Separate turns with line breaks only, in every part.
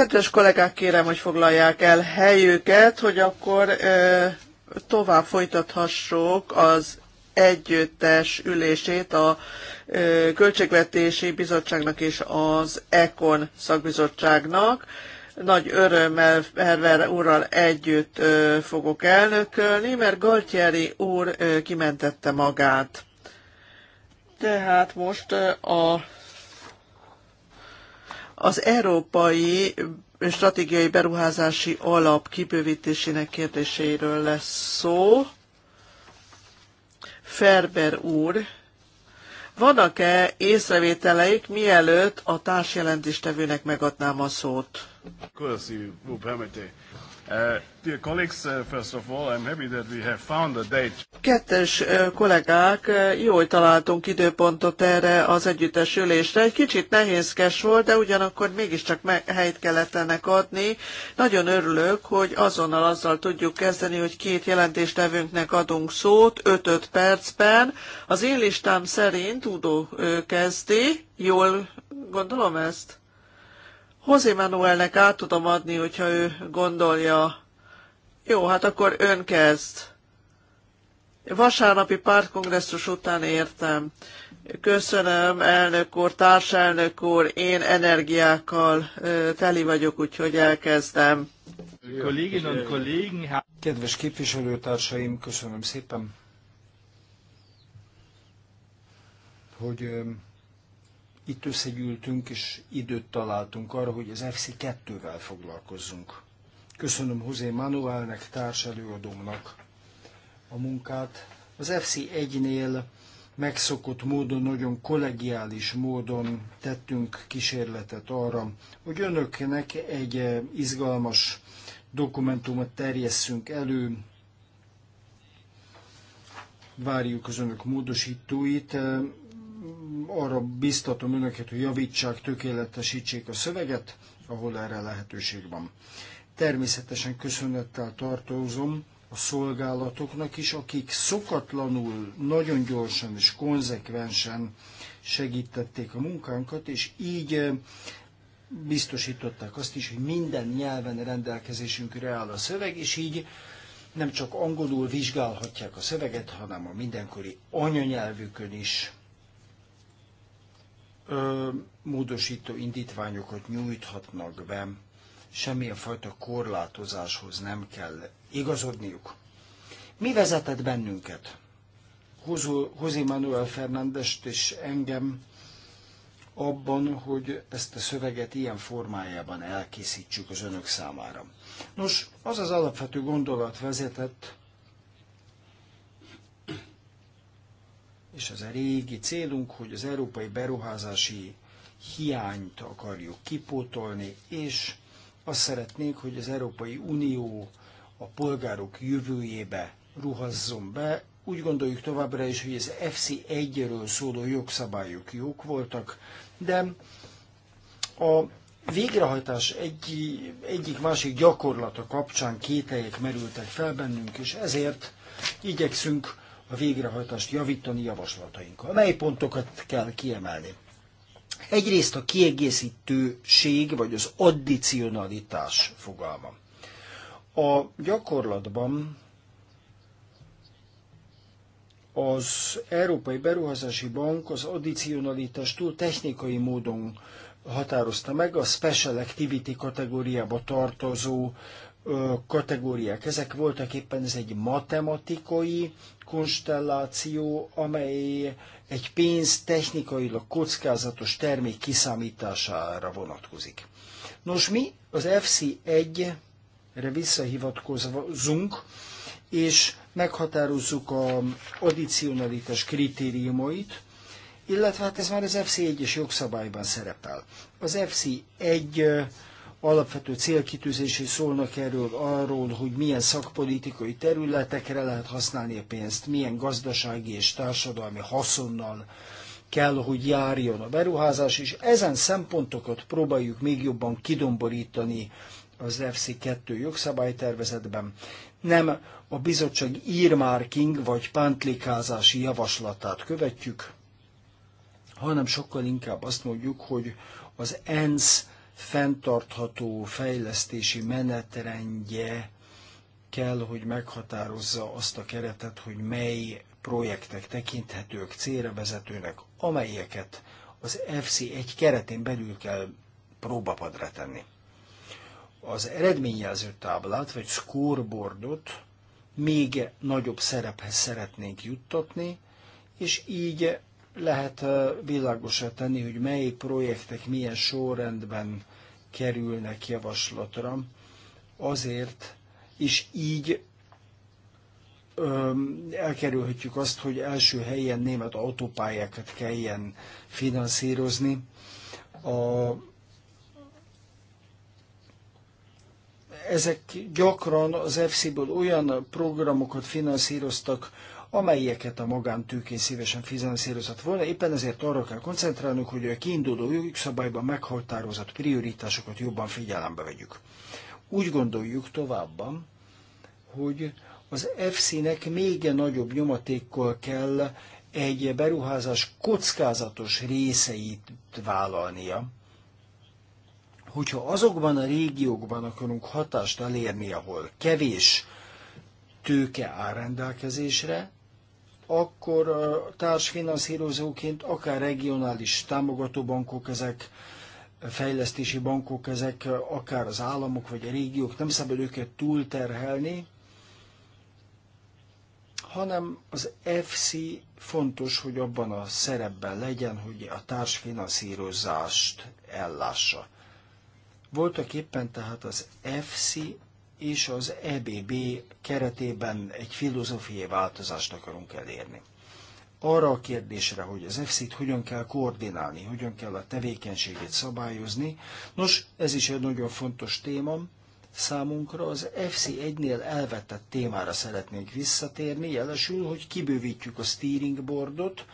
Kedves kollégák, kérem, hogy foglalják el helyüket, hogy akkor e, tovább folytathassuk az együttes ülését a e, Költségvetési Bizottságnak és az ECON szakbizottságnak nagy örömmel Herver úrral együtt fogok elnökölni, mert Galtieri úr kimentette magát. Tehát most a, az európai stratégiai beruházási alap kibővítésének kérdéséről lesz szó. Ferber úr, vannak-e észrevételeik, mielőtt a társjelentéstevőnek megadnám a szót? Kettes kollégák, hogy találtunk időpontot erre az együttes ülésre. Egy kicsit nehézkes volt, de ugyanakkor mégiscsak helyt kellett ennek adni. Nagyon örülök, hogy azonnal azzal tudjuk kezdeni, hogy két jelentéstevőnknek adunk szót 5-5 percben. Az én listám szerint Udo uh, kezdi. Jól gondolom ezt? José Manuelnek át tudom adni, hogyha ő gondolja. Jó, hát akkor ön kezd. Vasárnapi pártkongresszus után értem. Köszönöm, elnök úr, társelnök úr, én energiákkal teli vagyok, úgyhogy elkezdem.
Kedves képviselőtársaim, köszönöm szépen, hogy itt összegyűltünk, és időt találtunk arra, hogy az FC2-vel foglalkozzunk. Köszönöm Hozé Manuelnek, társelőadómnak a munkát. Az FC1-nél megszokott módon, nagyon kollegiális módon tettünk kísérletet arra, hogy önöknek egy eh, izgalmas dokumentumot terjesszünk elő, várjuk az önök módosítóit, arra biztatom önöket, hogy javítsák, tökéletesítsék a szöveget, ahol erre lehetőség van. Természetesen köszönettel tartozom a szolgálatoknak is, akik szokatlanul, nagyon gyorsan és konzekvensen segítették a munkánkat, és így eh, biztosították azt is, hogy minden nyelven rendelkezésünkre áll a szöveg, és így nem csak angolul vizsgálhatják a szöveget, hanem a mindenkori anyanyelvükön is ö, módosító indítványokat nyújthatnak be, semmilyen fajta korlátozáshoz nem kell igazodniuk. Mi vezetett bennünket? Hozi Manuel Fernández és engem abban, hogy ezt a szöveget ilyen formájában elkészítsük az önök számára. Nos, az az alapvető gondolat vezetett, és az a régi célunk, hogy az európai beruházási hiányt akarjuk kipótolni, és azt szeretnénk, hogy az Európai Unió a polgárok jövőjébe ruhazzon be. Úgy gondoljuk továbbra is, hogy az FC1-ről szóló jogszabályok jók voltak, de a végrehajtás egy, egyik-másik gyakorlata kapcsán kételyek merültek fel bennünk, és ezért igyekszünk a végrehajtást javítani javaslatainkkal. Mely pontokat kell kiemelni? Egyrészt a kiegészítőség, vagy az addicionalitás fogalma. A gyakorlatban az Európai Beruházási Bank az addicionalitást túl technikai módon határozta meg, a Special Activity kategóriába tartozó kategóriák. Ezek voltak éppen ez egy matematikai konstelláció, amely egy pénz technikailag kockázatos termék kiszámítására vonatkozik. Nos, mi az FC1-re visszahivatkozunk, és meghatározzuk a addicionalitás kritériumait, illetve hát ez már az FC1-es jogszabályban szerepel. Az FC1 alapvető célkitűzésé szólnak erről arról, hogy milyen szakpolitikai területekre lehet használni a pénzt, milyen gazdasági és társadalmi haszonnal kell, hogy járjon a beruházás, és ezen szempontokat próbáljuk még jobban kidomborítani az FC2 jogszabálytervezetben. Nem a bizottság earmarking vagy pántlikázási javaslatát követjük, hanem sokkal inkább azt mondjuk, hogy az ENSZ fenntartható fejlesztési menetrendje kell, hogy meghatározza azt a keretet, hogy mely projektek tekinthetők célra vezetőnek, amelyeket az FC egy keretén belül kell próbapadra tenni. Az eredményjelző táblát, vagy scoreboardot még nagyobb szerephez szeretnénk juttatni, és így lehet világosra tenni, hogy mely projektek milyen sorrendben kerülnek javaslatra, azért, és így elkerülhetjük azt, hogy első helyen német autópályákat kelljen finanszírozni. A, ezek gyakran az efsi ből olyan programokat finanszíroztak, amelyeket a magántőkén szívesen finanszírozott volna. Éppen ezért arra kell koncentrálnunk, hogy a kiinduló jogszabályban meghatározott prioritásokat jobban figyelembe vegyük. Úgy gondoljuk továbban, hogy az FC-nek még nagyobb nyomatékkal kell egy beruházás kockázatos részeit vállalnia, hogyha azokban a régiókban akarunk hatást elérni, ahol kevés tőke áll rendelkezésre, akkor társfinanszírozóként akár regionális támogató bankok ezek, fejlesztési bankok ezek, akár az államok vagy a régiók, nem szabad őket túlterhelni, hanem az FC fontos, hogy abban a szerepben legyen, hogy a társfinanszírozást ellássa. Voltak éppen tehát az FC és az EBB keretében egy filozófiai változást akarunk elérni. Arra a kérdésre, hogy az EFSZ-t hogyan kell koordinálni, hogyan kell a tevékenységét szabályozni, nos, ez is egy nagyon fontos téma, Számunkra az fc egynél elvetett témára szeretnénk visszatérni, jelesül, hogy kibővítjük a steering boardot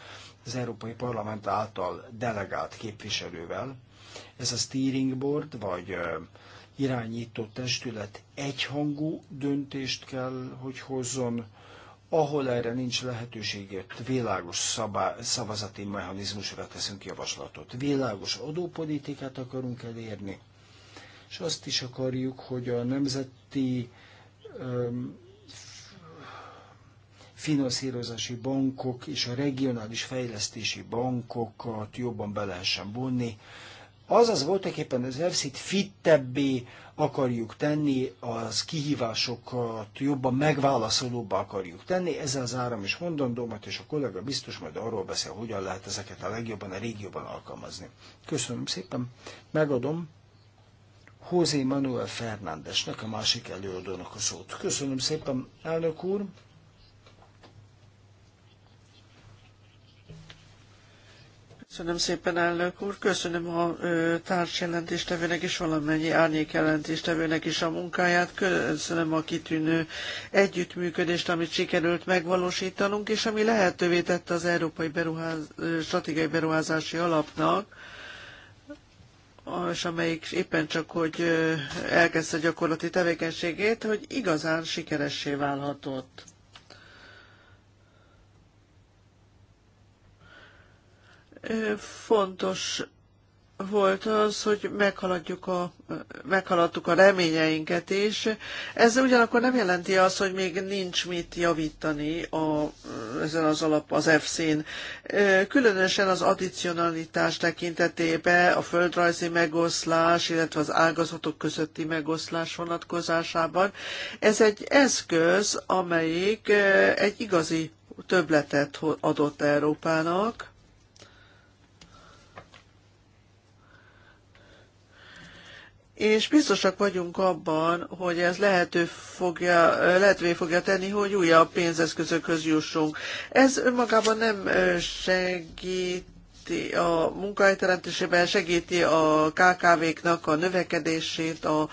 az Európai Parlament által delegált képviselővel. Ez a steering board, vagy irányító testület egyhangú döntést kell, hogy hozzon, ahol erre nincs lehetőséget, világos szabá- szavazati mechanizmusra teszünk javaslatot. Világos adópolitikát akarunk elérni, és azt is akarjuk, hogy a nemzeti öm, finanszírozási bankok és a regionális fejlesztési bankokat jobban be lehessen vonni, Azaz voltak éppen az EFSZ-t fittebbé akarjuk tenni, az kihívásokat jobban megválaszolóbbá akarjuk tenni. Ezzel zárom is mondandómat, és a kollega biztos majd arról beszél, hogyan lehet ezeket a legjobban a régióban alkalmazni. Köszönöm szépen, megadom José Manuel Fernándesnek, a másik
előadónak a szót. Köszönöm szépen, elnök úr! Köszönöm szépen, elnök úr. Köszönöm a társjelentéstevőnek és valamennyi árnyékjelentéstevőnek is a munkáját. Köszönöm a kitűnő együttműködést, amit sikerült megvalósítanunk, és ami lehetővé tette az Európai Beruház, Stratégiai Beruházási Alapnak, és amelyik éppen csak, hogy elkezdte gyakorlati tevékenységét, hogy igazán sikeressé válhatott. Fontos volt az, hogy meghaladjuk a, meghaladtuk a reményeinket is. Ez ugyanakkor nem jelenti azt, hogy még nincs mit javítani a, ezen az alap az EFSZ-n. Különösen az addicionalitás tekintetében a földrajzi megoszlás, illetve az ágazatok közötti megoszlás vonatkozásában. Ez egy eszköz, amelyik egy igazi többletet adott Európának, és biztosak vagyunk abban, hogy ez lehető fogja, lehetővé fogja tenni, hogy újabb pénzeszközökhöz jussunk. Ez önmagában nem segít segíti a munkahelyteremtésében, segíti a KKV-knak a növekedését, a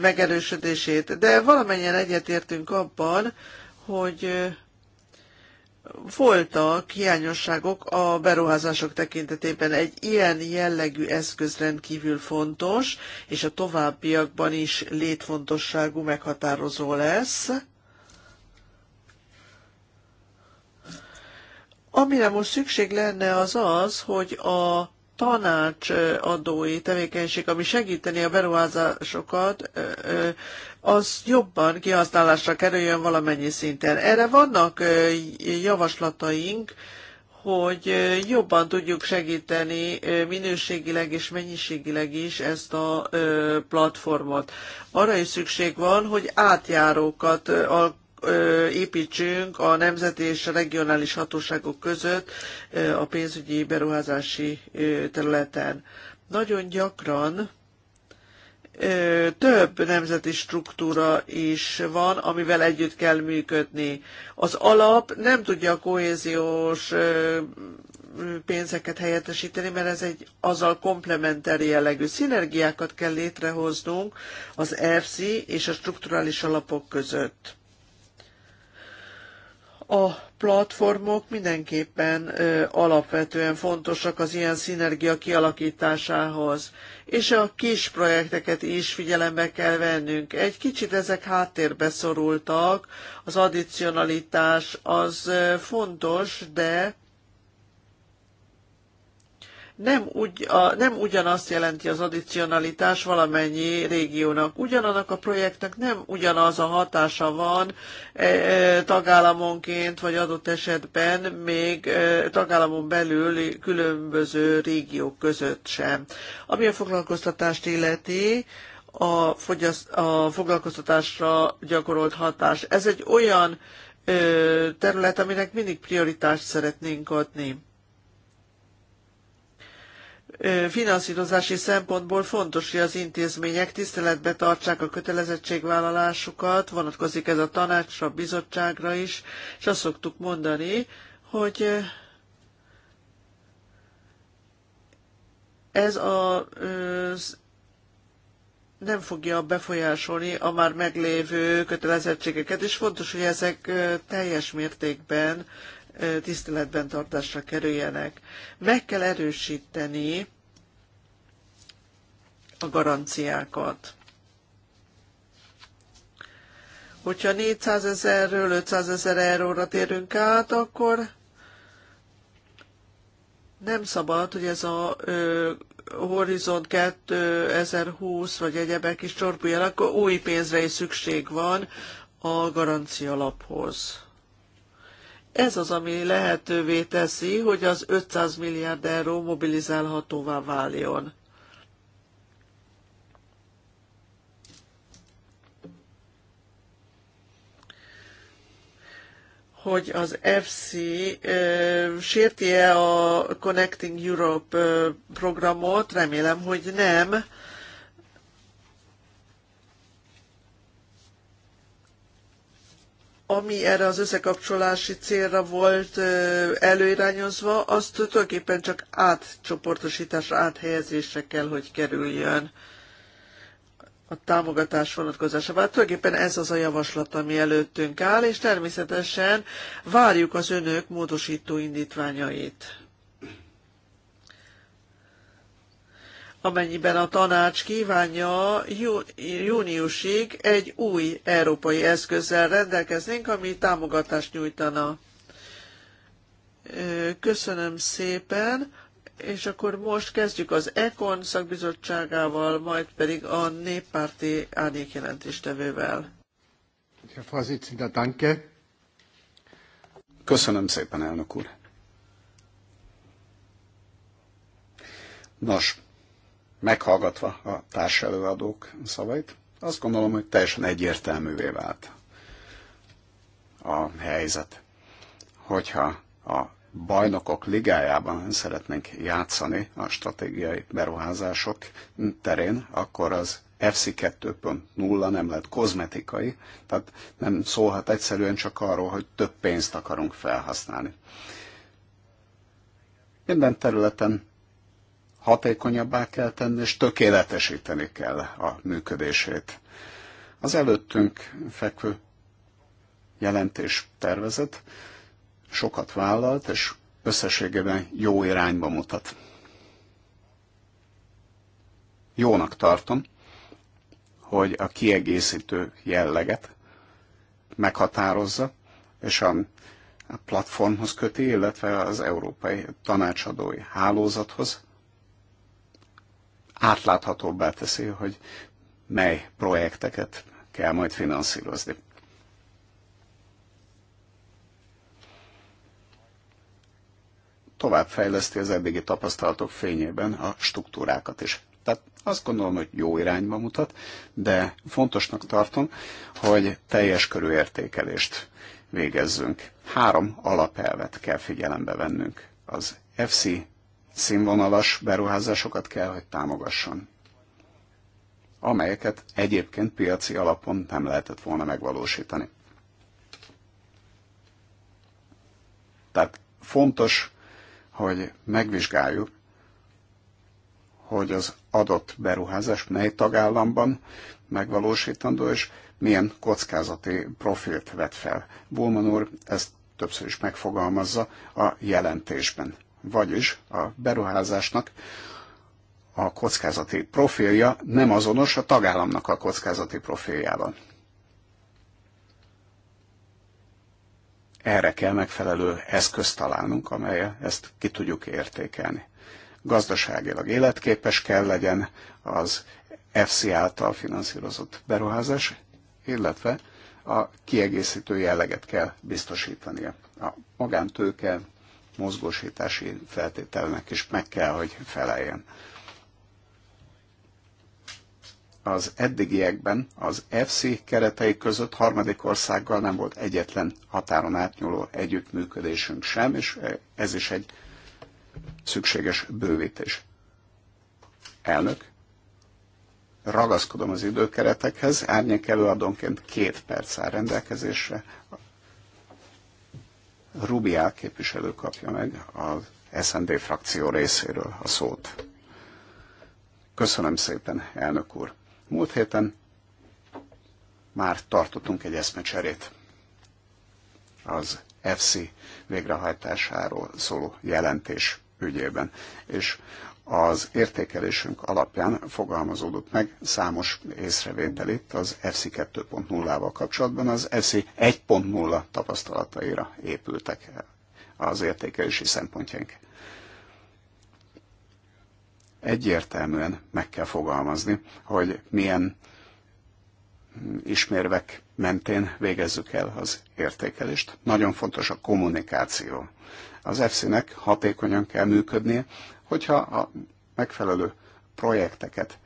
megerősödését. De valamennyien egyetértünk abban, hogy voltak hiányosságok a beruházások tekintetében. Egy ilyen jellegű eszköz rendkívül fontos, és a továbbiakban is létfontosságú meghatározó lesz. Amire most szükség lenne az az, hogy a tanácsadói tevékenység, ami segíteni a beruházásokat, az jobban kihasználásra kerüljön valamennyi szinten. Erre vannak javaslataink, hogy jobban tudjuk segíteni minőségileg és mennyiségileg is ezt a platformot. Arra is szükség van, hogy átjárókat építsünk a nemzeti és a regionális hatóságok között a pénzügyi beruházási területen. Nagyon gyakran több nemzeti struktúra is van, amivel együtt kell működni. Az alap nem tudja a kohéziós pénzeket helyettesíteni, mert ez egy azzal komplementári jellegű szinergiákat kell létrehoznunk az EFSI és a strukturális alapok között. A platformok mindenképpen alapvetően fontosak az ilyen szinergia kialakításához, és a kis projekteket is figyelembe kell vennünk. Egy kicsit ezek háttérbe szorultak, az addicionalitás az fontos, de nem, ugy, a, nem ugyanazt jelenti az addicionalitás valamennyi régiónak. Ugyanannak a projektnek nem ugyanaz a hatása van e, e, tagállamonként, vagy adott esetben még e, tagállamon belül különböző régiók között sem. Ami a foglalkoztatást illeti, a, fogyaszt, a foglalkoztatásra gyakorolt hatás. Ez egy olyan ö, terület, aminek mindig prioritást szeretnénk adni finanszírozási szempontból fontos, hogy az intézmények tiszteletbe tartsák a kötelezettségvállalásukat, vonatkozik ez a tanácsra, a bizottságra is, és azt szoktuk mondani, hogy ez a nem fogja befolyásolni a már meglévő kötelezettségeket, és fontos, hogy ezek teljes mértékben tiszteletben tartásra kerüljenek. Meg kell erősíteni a garanciákat. Hogyha 400 ezerről 500 ezer euróra térünk át, akkor nem szabad, hogy ez a ö, Horizont 2020 vagy egyebek is csorbuljanak, akkor új pénzre is szükség van a garancia alaphoz. Ez az, ami lehetővé teszi, hogy az 500 milliárd euró mobilizálhatóvá váljon. hogy az FC ö, sérti-e a Connecting Europe ö, programot, remélem, hogy nem, ami erre az összekapcsolási célra volt előirányozva, azt tulajdonképpen csak átcsoportosításra, áthelyezésre kell, hogy kerüljön a támogatás vonatkozásában. Hát tulajdonképpen ez az a javaslat, ami előttünk áll, és természetesen várjuk az önök módosító indítványait. amennyiben a tanács kívánja, júniusig egy új európai eszközzel rendelkeznénk, ami támogatást nyújtana. Köszönöm szépen, és akkor most kezdjük az ECON szakbizottságával, majd pedig a néppárti árnyékjelentéstevővel.
Köszönöm szépen, elnök úr. Nos, meghallgatva a társelőadók szavait, azt gondolom, hogy teljesen egyértelművé vált a helyzet. Hogyha a bajnokok ligájában szeretnénk játszani a stratégiai beruházások terén, akkor az FC 2.0 nem lett kozmetikai, tehát nem szólhat egyszerűen csak arról, hogy több pénzt akarunk felhasználni. Minden területen hatékonyabbá kell tenni, és tökéletesíteni kell a működését. Az előttünk fekvő jelentés tervezet sokat vállalt, és összességében jó irányba mutat. Jónak tartom, hogy a kiegészítő jelleget meghatározza, és a platformhoz köti, illetve az Európai Tanácsadói Hálózathoz, átláthatóbbá teszi, hogy mely projekteket kell majd finanszírozni. Továbbfejleszti az eddigi tapasztalatok fényében a struktúrákat is. Tehát azt gondolom, hogy jó irányba mutat, de fontosnak tartom, hogy teljes körű értékelést végezzünk. Három alapelvet kell figyelembe vennünk. Az FC színvonalas beruházásokat kell, hogy támogasson, amelyeket egyébként piaci alapon nem lehetett volna megvalósítani. Tehát fontos, hogy megvizsgáljuk, hogy az adott beruházás mely tagállamban megvalósítandó, és milyen kockázati profilt vet fel. Bulman úr ezt többször is megfogalmazza a jelentésben. Vagyis a beruházásnak a kockázati profilja nem azonos a tagállamnak a kockázati profiljával. Erre kell megfelelő eszközt találnunk, amely ezt ki tudjuk értékelni. Gazdaságilag életképes kell legyen az FCI által finanszírozott beruházás, illetve a kiegészítő jelleget kell biztosítania. A magántőke mozgósítási feltételnek is meg kell, hogy feleljen. Az eddigiekben az FC keretei között harmadik országgal nem volt egyetlen határon átnyúló együttműködésünk sem, és ez is egy szükséges bővítés. Elnök, ragaszkodom az időkeretekhez, árnyék előadónként két perc áll rendelkezésre Rubiá képviselő kapja meg az SND frakció részéről a szót. Köszönöm szépen, elnök úr. Múlt héten már tartottunk egy eszmecserét az FC végrehajtásáról szóló jelentés ügyében, és az értékelésünk alapján fogalmazódott meg számos észrevétel itt az FC 2.0-val kapcsolatban, az FC 1.0 tapasztalataira épültek az értékelési szempontjaink. Egyértelműen meg kell fogalmazni, hogy milyen ismérvek mentén végezzük el az értékelést. Nagyon fontos a kommunikáció. Az EFSZ-nek hatékonyan kell működnie, Hogyha a megfelelő projekteket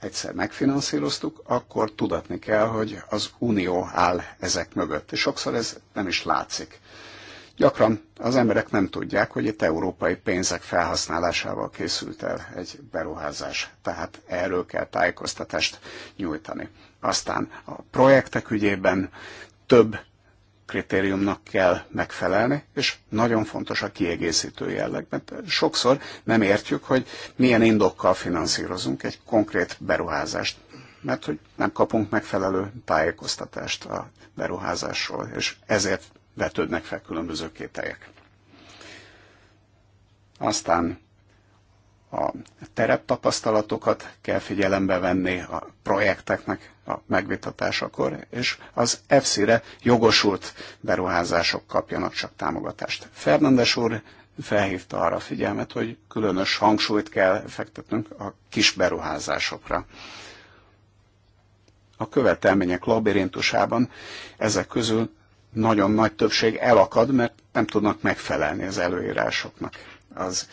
egyszer megfinanszíroztuk, akkor tudatni kell, hogy az unió áll ezek mögött. És sokszor ez nem is látszik. Gyakran az emberek nem tudják, hogy itt európai pénzek felhasználásával készült el egy beruházás, tehát erről kell tájékoztatást nyújtani. Aztán a projektek ügyében több kritériumnak kell megfelelni, és nagyon fontos a kiegészítő jelleg, mert sokszor nem értjük, hogy milyen indokkal finanszírozunk egy konkrét beruházást, mert hogy nem kapunk megfelelő tájékoztatást a beruházásról, és ezért vetődnek fel különböző kételyek. Aztán a tereptapasztalatokat kell figyelembe venni a projekteknek a megvitatásakor, és az EFSZ-re jogosult beruházások kapjanak csak támogatást. Fernandes úr felhívta arra a figyelmet, hogy különös hangsúlyt kell fektetnünk a kis beruházásokra. A követelmények labirintusában ezek közül nagyon nagy többség elakad, mert nem tudnak megfelelni az előírásoknak. Az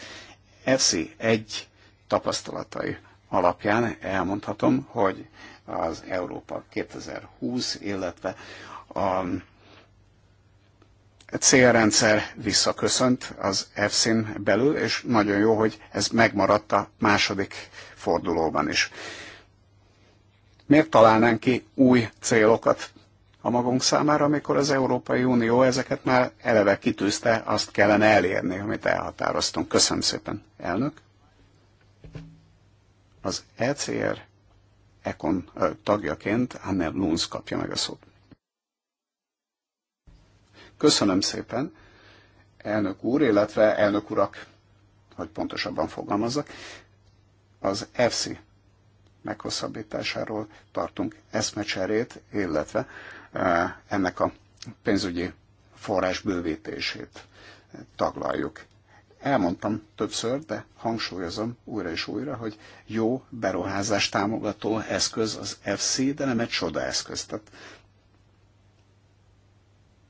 ESZI egy tapasztalatai alapján elmondhatom, hogy az Európa 2020, illetve a célrendszer visszaköszönt az EFSZ-n belül, és nagyon jó, hogy ez megmaradt a második fordulóban is. Miért találnánk ki új célokat a magunk számára, amikor az Európai Unió ezeket már eleve kitűzte, azt kellene elérni, amit elhatároztunk. Köszönöm szépen, elnök. Az ECR Econ tagjaként Anne Lunz kapja meg a szót. Köszönöm szépen, elnök úr, illetve elnök urak, hogy pontosabban fogalmazzak, az EFSI meghosszabbításáról tartunk eszmecserét, illetve ennek a pénzügyi forrás bővítését taglaljuk. Elmondtam többször, de hangsúlyozom újra és újra, hogy jó beruházás támogató eszköz az FC, de nem egy csoda eszköz. Tehát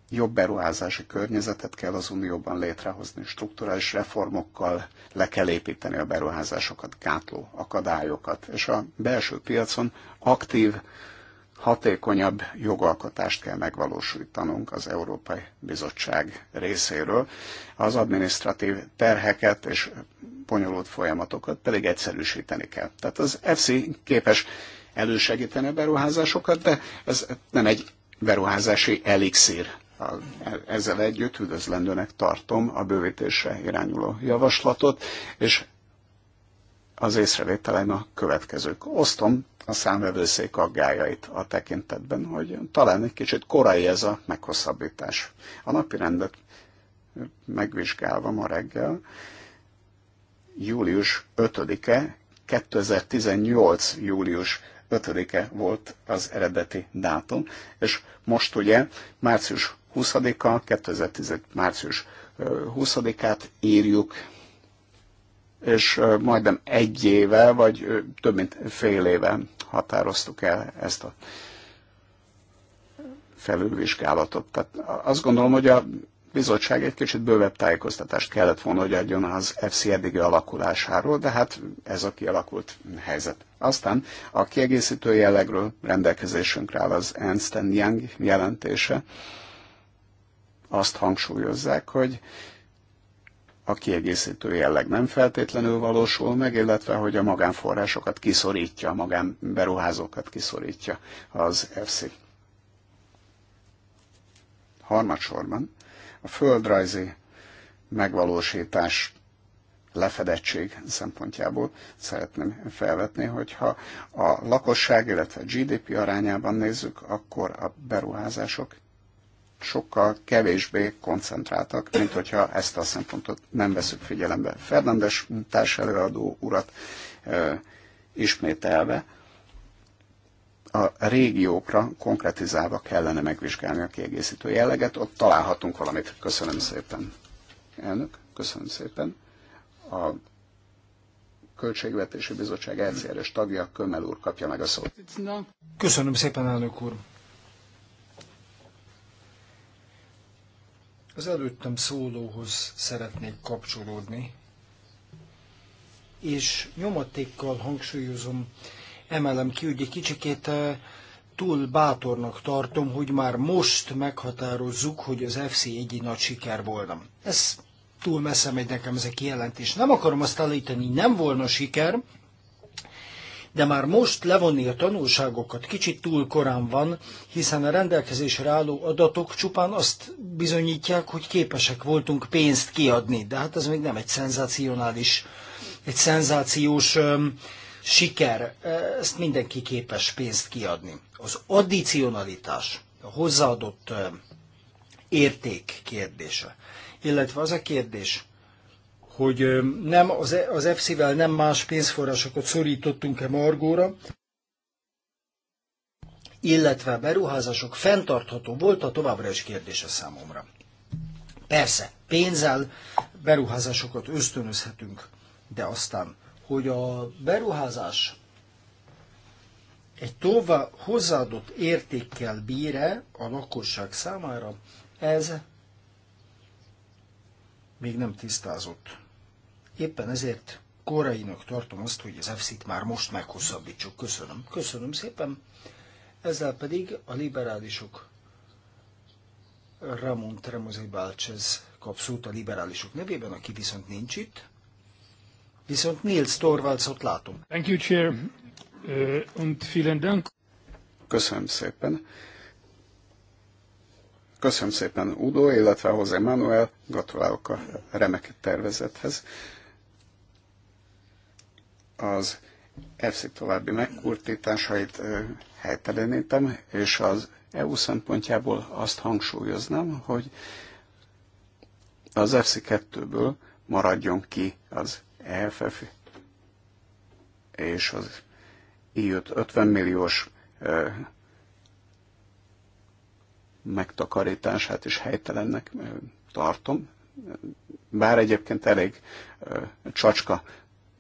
jobb beruházási környezetet kell az Unióban létrehozni, strukturális reformokkal le kell építeni a beruházásokat, gátló akadályokat, és a belső piacon aktív hatékonyabb jogalkotást kell megvalósítanunk az Európai Bizottság részéről, az administratív terheket és bonyolult folyamatokat pedig egyszerűsíteni kell. Tehát az EFSI képes elősegíteni a beruházásokat, de ez nem egy beruházási elixír. E- ezzel együtt üdvözlendőnek tartom a bővítésre irányuló javaslatot, és az észrevételeim a következők. Osztom a számvevőszék aggájait a tekintetben, hogy talán egy kicsit korai ez a meghosszabbítás. A napi rendet megvizsgálva ma reggel, július 5-e, 2018. július 5-e volt az eredeti dátum, és most ugye március 20-a, 2010. március 20-át írjuk és majdnem egy éve, vagy több mint fél éve határoztuk el ezt a felülvizsgálatot. Tehát azt gondolom, hogy a bizottság egy kicsit bővebb tájékoztatást kellett volna, hogy adjon az FC eddigi alakulásáról, de hát ez a kialakult helyzet. Aztán a kiegészítő jellegről rendelkezésünkre áll az Ernst Young jelentése. Azt hangsúlyozzák, hogy a kiegészítő jelleg nem feltétlenül valósul meg, illetve hogy a magánforrásokat kiszorítja, a magánberuházókat kiszorítja az FC. Harmadsorban a földrajzi megvalósítás lefedettség szempontjából szeretném felvetni, hogyha a lakosság, illetve a GDP arányában nézzük, akkor a beruházások sokkal kevésbé koncentráltak, mint hogyha ezt a szempontot nem veszük figyelembe. Fernandes társelőadó urat e, ismételve a régiókra konkretizálva kellene megvizsgálni a kiegészítő jelleget, ott találhatunk valamit. Köszönöm szépen. Elnök, köszönöm szépen. A Költségvetési Bizottság LCR-es tagja, Kömel úr kapja meg a szót.
Köszönöm szépen, elnök úr. Az előttem szólóhoz szeretnék kapcsolódni, és nyomatékkal hangsúlyozom, emelem ki, hogy egy kicsikét eh, túl bátornak tartom, hogy már most meghatározzuk, hogy az FC egyi nagy siker volna. Ez túl messze megy nekem ez a kijelentés. Nem akarom azt állítani, nem volna siker, de már most levonni a tanulságokat kicsit túl korán van, hiszen a rendelkezésre álló adatok csupán azt bizonyítják, hogy képesek voltunk pénzt kiadni, de hát ez még nem egy szenzácionális, egy szenzációs öm, siker, ezt mindenki képes pénzt kiadni. Az addicionalitás, a hozzáadott öm, érték kérdése, illetve az a kérdés, hogy nem az, e- az vel nem más pénzforrásokat szorítottunk-e Margóra, illetve a beruházások fenntartható volt a továbbra is kérdése számomra. Persze, pénzzel beruházásokat ösztönözhetünk, de aztán, hogy a beruházás egy tovább hozzáadott értékkel bíre a lakosság számára, ez még nem tisztázott. Éppen ezért korainak tartom azt, hogy az EFSZ-t már most meghosszabbítsuk. Köszönöm. Köszönöm szépen. Ezzel pedig a liberálisok Ramon Tremosi Balcsez kap szót a liberálisok nevében, aki viszont nincs itt. Viszont Nils Torvaldsot látom.
Thank you, Chair. Mhm. Uh, und vielen Dank. Köszönöm szépen. Köszönöm szépen Udo, illetve hozzá Manuel, gratulálok a remek tervezethez az EFSZI további megkurtításait helytelenítem, és az EU szempontjából azt hangsúlyoznám, hogy az FC2-ből maradjon ki az EFF és az íjött 50 milliós megtakarítását is helytelennek tartom, bár egyébként elég csacska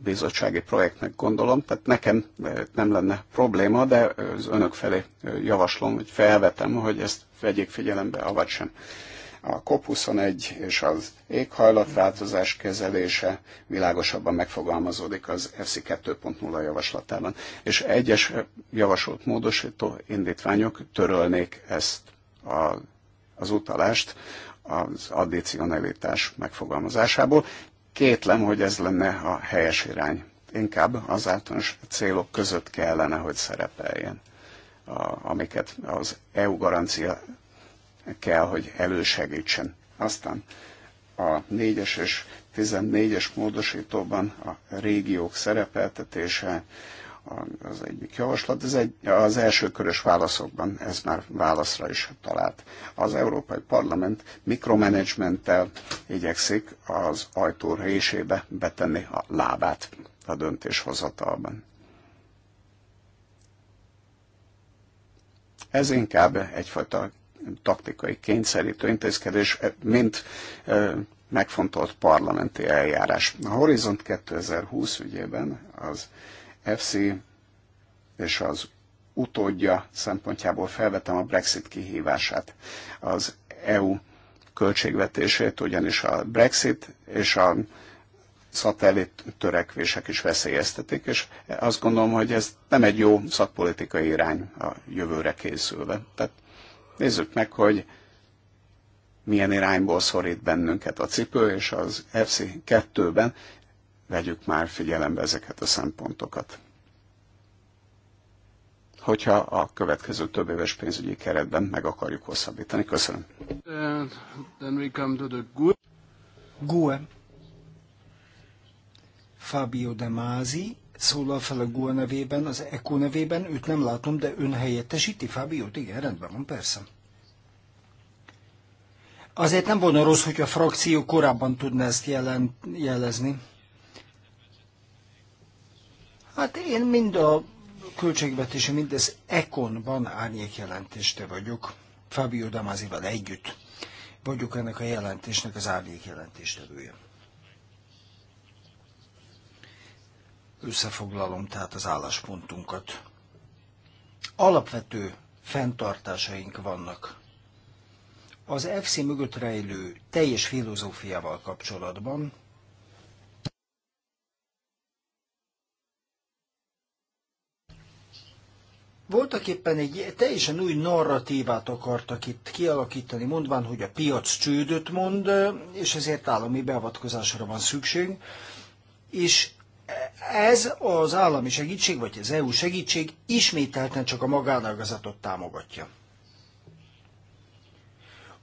bizottsági projektnek gondolom, tehát nekem eh, nem lenne probléma, de eh, az önök felé eh, javaslom, hogy felvetem, hogy ezt vegyék figyelembe, avagy sem. A COP21 és az éghajlatváltozás kezelése világosabban megfogalmazódik az FC 2.0 javaslatában, és egyes javasolt módosító indítványok törölnék ezt a, az utalást az addicionalitás megfogalmazásából kétlem, hogy ez lenne a helyes irány. Inkább az általános célok között kellene, hogy szerepeljen, a, amiket az EU garancia kell, hogy elősegítsen. Aztán a 4-es és 14-es módosítóban a régiók szerepeltetése, az egyik javaslat. Ez egy, az első körös válaszokban ez már válaszra is talált. Az Európai Parlament mikromanagementtel igyekszik az ajtó résébe betenni a lábát a döntéshozatalban. Ez inkább egyfajta taktikai kényszerítő intézkedés, mint megfontolt parlamenti eljárás. A Horizont 2020 ügyében az FC és az utódja szempontjából felvetem a Brexit kihívását. Az EU költségvetését, ugyanis a Brexit és a szatellit törekvések is veszélyeztetik, és azt gondolom, hogy ez nem egy jó szakpolitikai irány a jövőre készülve. Tehát nézzük meg, hogy milyen irányból szorít bennünket a cipő, és az FC2-ben vegyük már figyelembe ezeket a szempontokat. Hogyha a következő több éves pénzügyi keretben meg akarjuk hosszabbítani. Köszönöm. then we come to the good.
GUE. Fabio De Mázi szólal fel a GUE nevében, az ECO nevében, őt nem látom, de ön helyettesíti Fábiót? Igen, rendben van, persze. Azért nem volna rossz, hogy a frakció korábban tudna ezt jelen, jelezni. Hát én mind a költségvetése, mind az Econban ban árnyékjelentéste vagyok. Fabio Damazival együtt vagyok ennek a jelentésnek az árnyékjelentéstevője. Összefoglalom tehát az álláspontunkat. Alapvető fenntartásaink vannak az FC mögött rejlő teljes filozófiával kapcsolatban, voltak éppen egy teljesen új narratívát akartak itt kialakítani, mondván, hogy a piac csődöt mond, és ezért állami beavatkozásra van szükség, és ez az állami segítség, vagy az EU segítség ismételten csak a magánágazatot támogatja.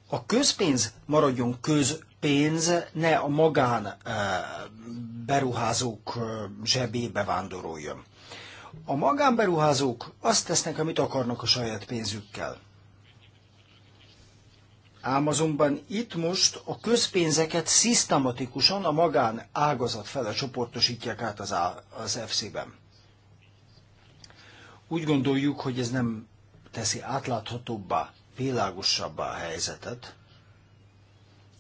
A közpénz maradjon közpénz, ne a magán eh, beruházók eh, zsebébe vándoroljon. A magánberuházók azt tesznek, amit akarnak a saját pénzükkel. Ám azonban itt most a közpénzeket szisztematikusan a magán ágazat fele csoportosítják át az, az FC-ben. Úgy gondoljuk, hogy ez nem teszi átláthatóbbá, világosabbá a helyzetet,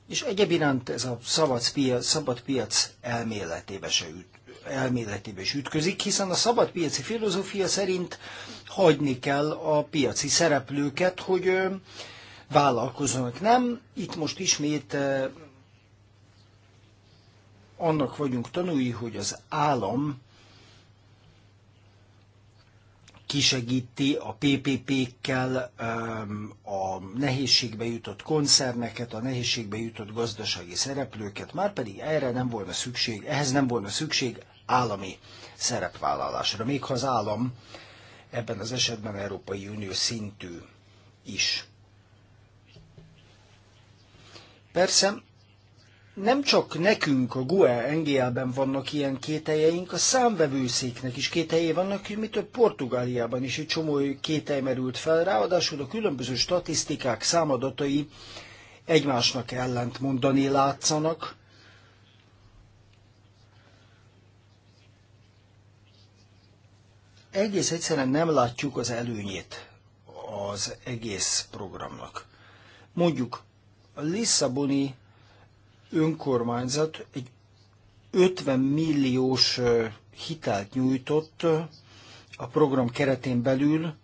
és egyéb ez a szabad piac, szabad piac elméletébe se üt, elméletébe is ütközik, hiszen a szabad piaci filozófia szerint hagyni kell a piaci szereplőket, hogy vállalkozzanak. nem. Itt most ismét annak vagyunk tanúi, hogy az állam kisegíti a PPP-kkel a nehézségbe jutott koncerneket, a nehézségbe jutott gazdasági szereplőket, már pedig erre nem volna szükség, ehhez nem volna szükség állami szerepvállalásra, még ha az állam ebben az esetben Európai Unió szintű is. Persze nem csak nekünk a GUE NGL-ben vannak ilyen kételjeink, a számvevőszéknek is kételje vannak, hogy mitől Portugáliában is egy csomó kételj merült fel, ráadásul a különböző statisztikák számadatai egymásnak ellent mondani látszanak. Egész egyszerűen nem látjuk az előnyét az egész programnak. Mondjuk a Lisszaboni önkormányzat egy 50 milliós hitelt nyújtott a program keretén belül,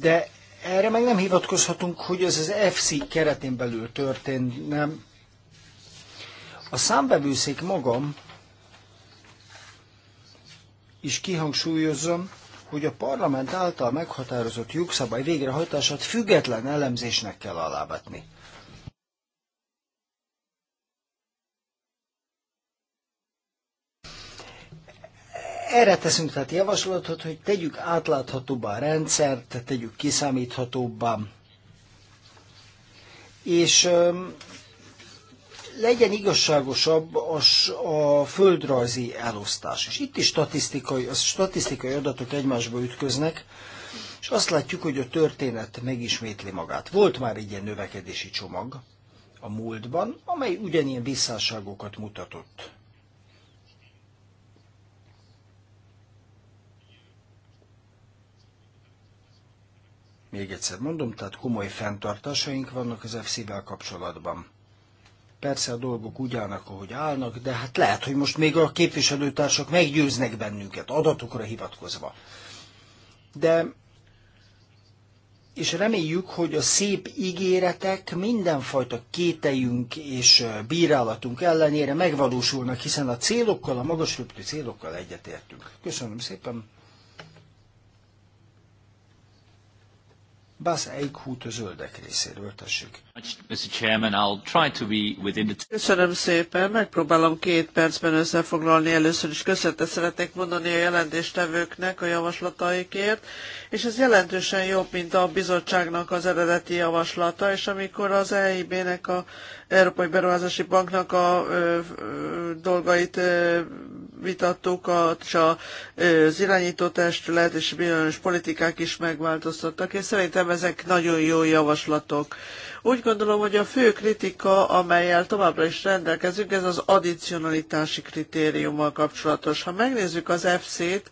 de erre meg nem hivatkozhatunk, hogy ez az FC keretén belül történt, nem. A számbevőszék magam is kihangsúlyozzam, hogy a parlament által meghatározott jogszabály végrehajtását független elemzésnek kell alávetni. Erre teszünk tehát javaslatot, hogy tegyük átláthatóbbá a rendszert, tegyük kiszámíthatóbbá, és legyen igazságosabb az a földrajzi elosztás. És itt is statisztikai, az statisztikai adatok egymásba ütköznek, és azt látjuk, hogy a történet megismétli magát. Volt már egy ilyen növekedési csomag a múltban, amely ugyanilyen visszáságokat mutatott. Még egyszer mondom, tehát komoly fenntartásaink vannak az FC-vel kapcsolatban. Persze a dolgok úgy állnak, ahogy állnak, de hát lehet, hogy most még a képviselőtársak meggyőznek bennünket adatokra hivatkozva. De és reméljük, hogy a szép ígéretek mindenfajta kételjünk és bírálatunk ellenére megvalósulnak, hiszen a célokkal, a magas célokkal egyetértünk. Köszönöm szépen!
Bas Eichhut a zöldek részéről, tessék. Köszönöm szépen, megpróbálom két percben összefoglalni. Először is köszönte szeretnék mondani a jelentéstevőknek a javaslataikért, és ez jelentősen jobb, mint a bizottságnak az eredeti javaslata, és amikor az EIB-nek, a Európai Beruházási Banknak a ö, ö, dolgait ö, vitattuk, a, a az irányító testület és bizonyos politikák is megváltoztattak, és szerintem szerintem ezek nagyon jó javaslatok. Úgy gondolom, hogy a fő kritika, amelyel továbbra is rendelkezünk, ez az addicionalitási kritériummal kapcsolatos. Ha megnézzük az FC-t,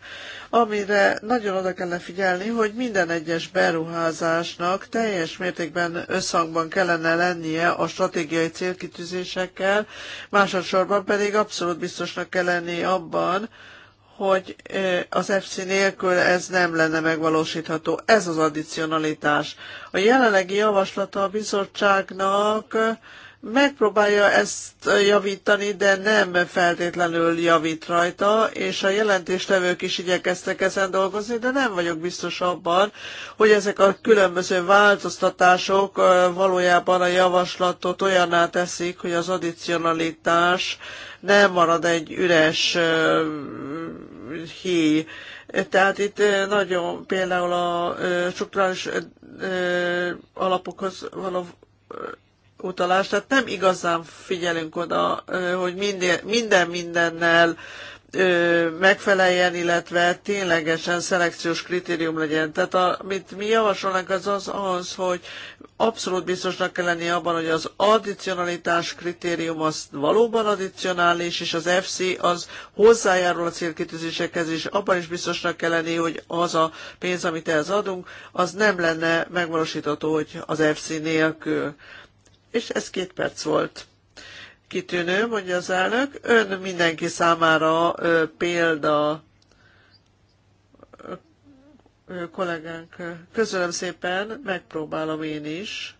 amire nagyon oda kellene figyelni, hogy minden egyes beruházásnak teljes mértékben összhangban kellene lennie a stratégiai célkitűzésekkel, másodszorban pedig abszolút biztosnak kell lenni abban, hogy az FC nélkül ez nem lenne megvalósítható. Ez az addicionalitás. A jelenlegi javaslata a bizottságnak megpróbálja ezt javítani, de nem feltétlenül javít rajta, és a jelentéstevők is igyekeztek ezen dolgozni, de nem vagyok biztos abban, hogy ezek a különböző változtatások valójában a javaslatot olyanná teszik, hogy az addicionalitás nem marad egy üres híj. Tehát itt nagyon például a strukturális alapokhoz való utalás, tehát nem igazán figyelünk oda, hogy minden, mindennel megfeleljen, illetve ténylegesen szelekciós kritérium legyen. Tehát amit mi javasolnánk az az, az hogy abszolút biztosnak kell lenni abban, hogy az addicionalitás kritérium az valóban addicionális, és az FC az hozzájárul a célkitűzésekhez, és abban is biztosnak kell lenni, hogy az a pénz, amit ehhez adunk, az nem lenne megvalósítható, hogy az FC nélkül és ez két perc volt. Kitűnő, mondja az elnök. Ön mindenki számára ö, példa ö, kollégánk. Köszönöm szépen, megpróbálom én is.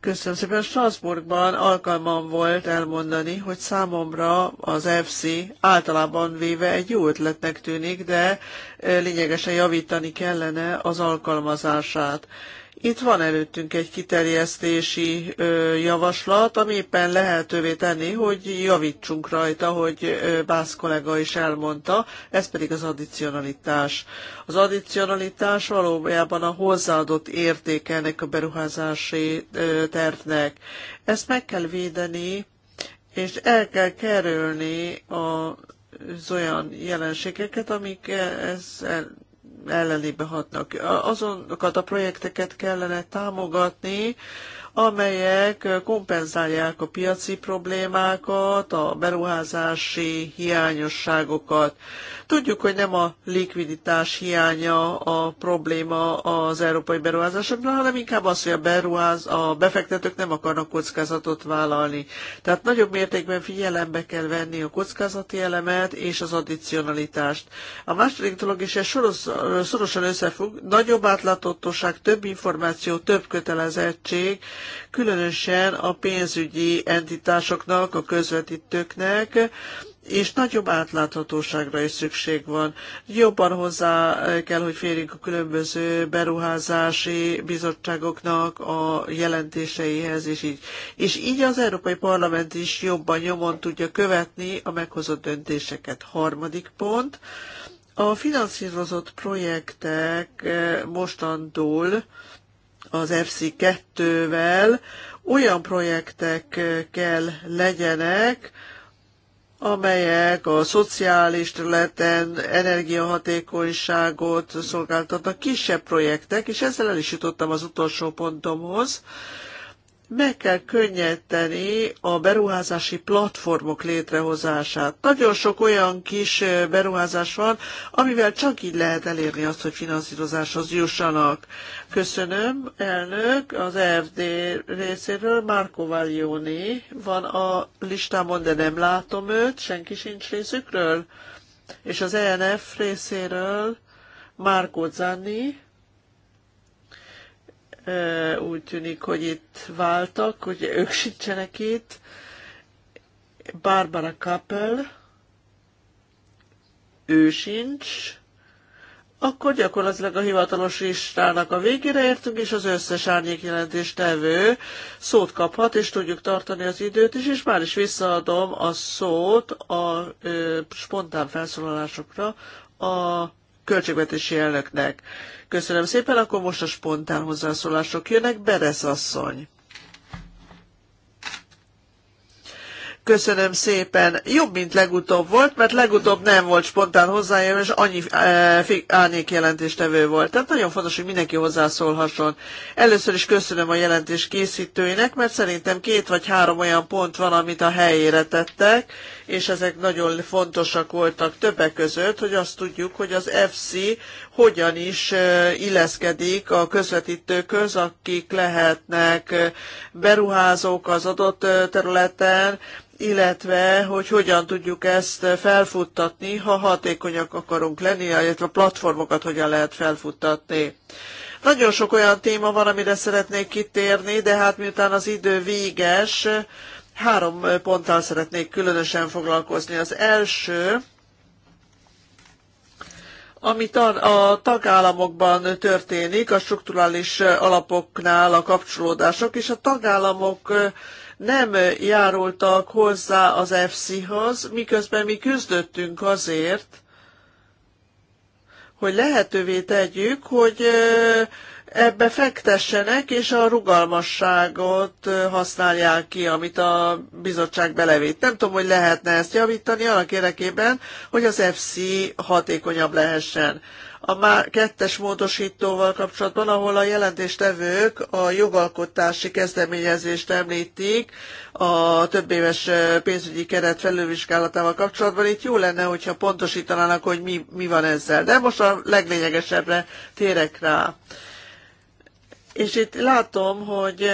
Köszönöm szépen. Strasbourgban alkalmam volt elmondani, hogy számomra az FC általában véve egy jó ötletnek tűnik, de lényegesen javítani kellene az alkalmazását. Itt van előttünk egy kiterjesztési javaslat, ami éppen lehetővé tenni, hogy javítsunk rajta, hogy Bász kollega is elmondta, ez pedig az addicionalitás. Az addicionalitás valójában a hozzáadott értéke ennek a beruházási tervnek. Ezt meg kell védeni, és el kell kerülni az olyan jelenségeket, amik e, ezzel ellenébe hatnak. Azokat a projekteket kellene támogatni, amelyek kompenzálják a piaci problémákat, a beruházási hiányosságokat. Tudjuk, hogy nem a likviditás hiánya a probléma az európai beruházásoknál, hanem inkább az, hogy a, beruház, a befektetők nem akarnak kockázatot vállalni. Tehát nagyobb mértékben figyelembe kell venni a kockázati elemet és az addicionalitást. A második dolog, és ez soros, szorosan összefügg, nagyobb átláthatóság, több információ, több kötelezettség, különösen a pénzügyi entitásoknak, a közvetítőknek, és nagyobb átláthatóságra is szükség van. Jobban hozzá kell, hogy férjünk a különböző beruházási bizottságoknak a jelentéseihez, és így. És így az Európai Parlament is jobban nyomon tudja követni a meghozott döntéseket. Harmadik pont. A finanszírozott projektek eh, mostantól az FC2-vel olyan projektek kell legyenek, amelyek a szociális területen energiahatékonyságot szolgáltatnak, kisebb projektek, és ezzel el is jutottam az utolsó pontomhoz, meg kell könnyíteni a beruházási platformok létrehozását. Nagyon sok olyan kis beruházás van, amivel csak így lehet elérni azt, hogy finanszírozáshoz jussanak. Köszönöm, elnök, az EFD részéről Márko Valjóni van a listámon, de nem látom őt, senki sincs részükről. És az ENF részéről Márko Zanni úgy tűnik, hogy itt váltak, hogy ők sincsenek itt. Barbara Kappel, ő sincs. Akkor gyakorlatilag a hivatalos listának a végére értünk, és az összes árnyékjelentés tevő szót kaphat, és tudjuk tartani az időt is, és már is visszaadom a szót a ö, spontán felszólalásokra a költségvetési elnöknek. Köszönöm szépen, akkor most a spontán hozzászólások jönnek. Beresz asszony. Köszönöm szépen. Jobb, mint legutóbb volt, mert legutóbb nem volt spontán és annyi eh, árnyék jelentéstevő volt. Tehát nagyon fontos, hogy mindenki hozzászólhasson. Először is köszönöm a jelentés készítőinek, mert szerintem két vagy három olyan pont van, amit a helyére tettek, és ezek nagyon fontosak voltak többek között, hogy azt tudjuk, hogy az FC hogyan is eh, illeszkedik a közvetítőköz, akik lehetnek eh, beruházók az adott területen, illetve hogy hogyan tudjuk ezt felfuttatni, ha hatékonyak akarunk lenni, illetve a platformokat hogyan lehet felfuttatni. Nagyon sok olyan téma van, amire szeretnék kitérni, de hát miután az idő véges, három ponttal szeretnék különösen foglalkozni. Az első, ami a tagállamokban történik, a strukturális alapoknál a kapcsolódások, és a tagállamok nem járultak hozzá az EFSI-hoz, miközben mi küzdöttünk azért, hogy lehetővé tegyük, hogy ebbe fektessenek, és a rugalmasságot használják ki, amit a bizottság belevét. Nem tudom, hogy lehetne ezt javítani annak érdekében, hogy az FC hatékonyabb lehessen a már kettes módosítóval kapcsolatban, ahol a jelentéstevők a jogalkotási kezdeményezést említik a több éves pénzügyi keret felülvizsgálatával kapcsolatban. Itt jó lenne, hogyha pontosítanának, hogy mi, mi van ezzel. De most a leglényegesebbre térek rá. És itt látom, hogy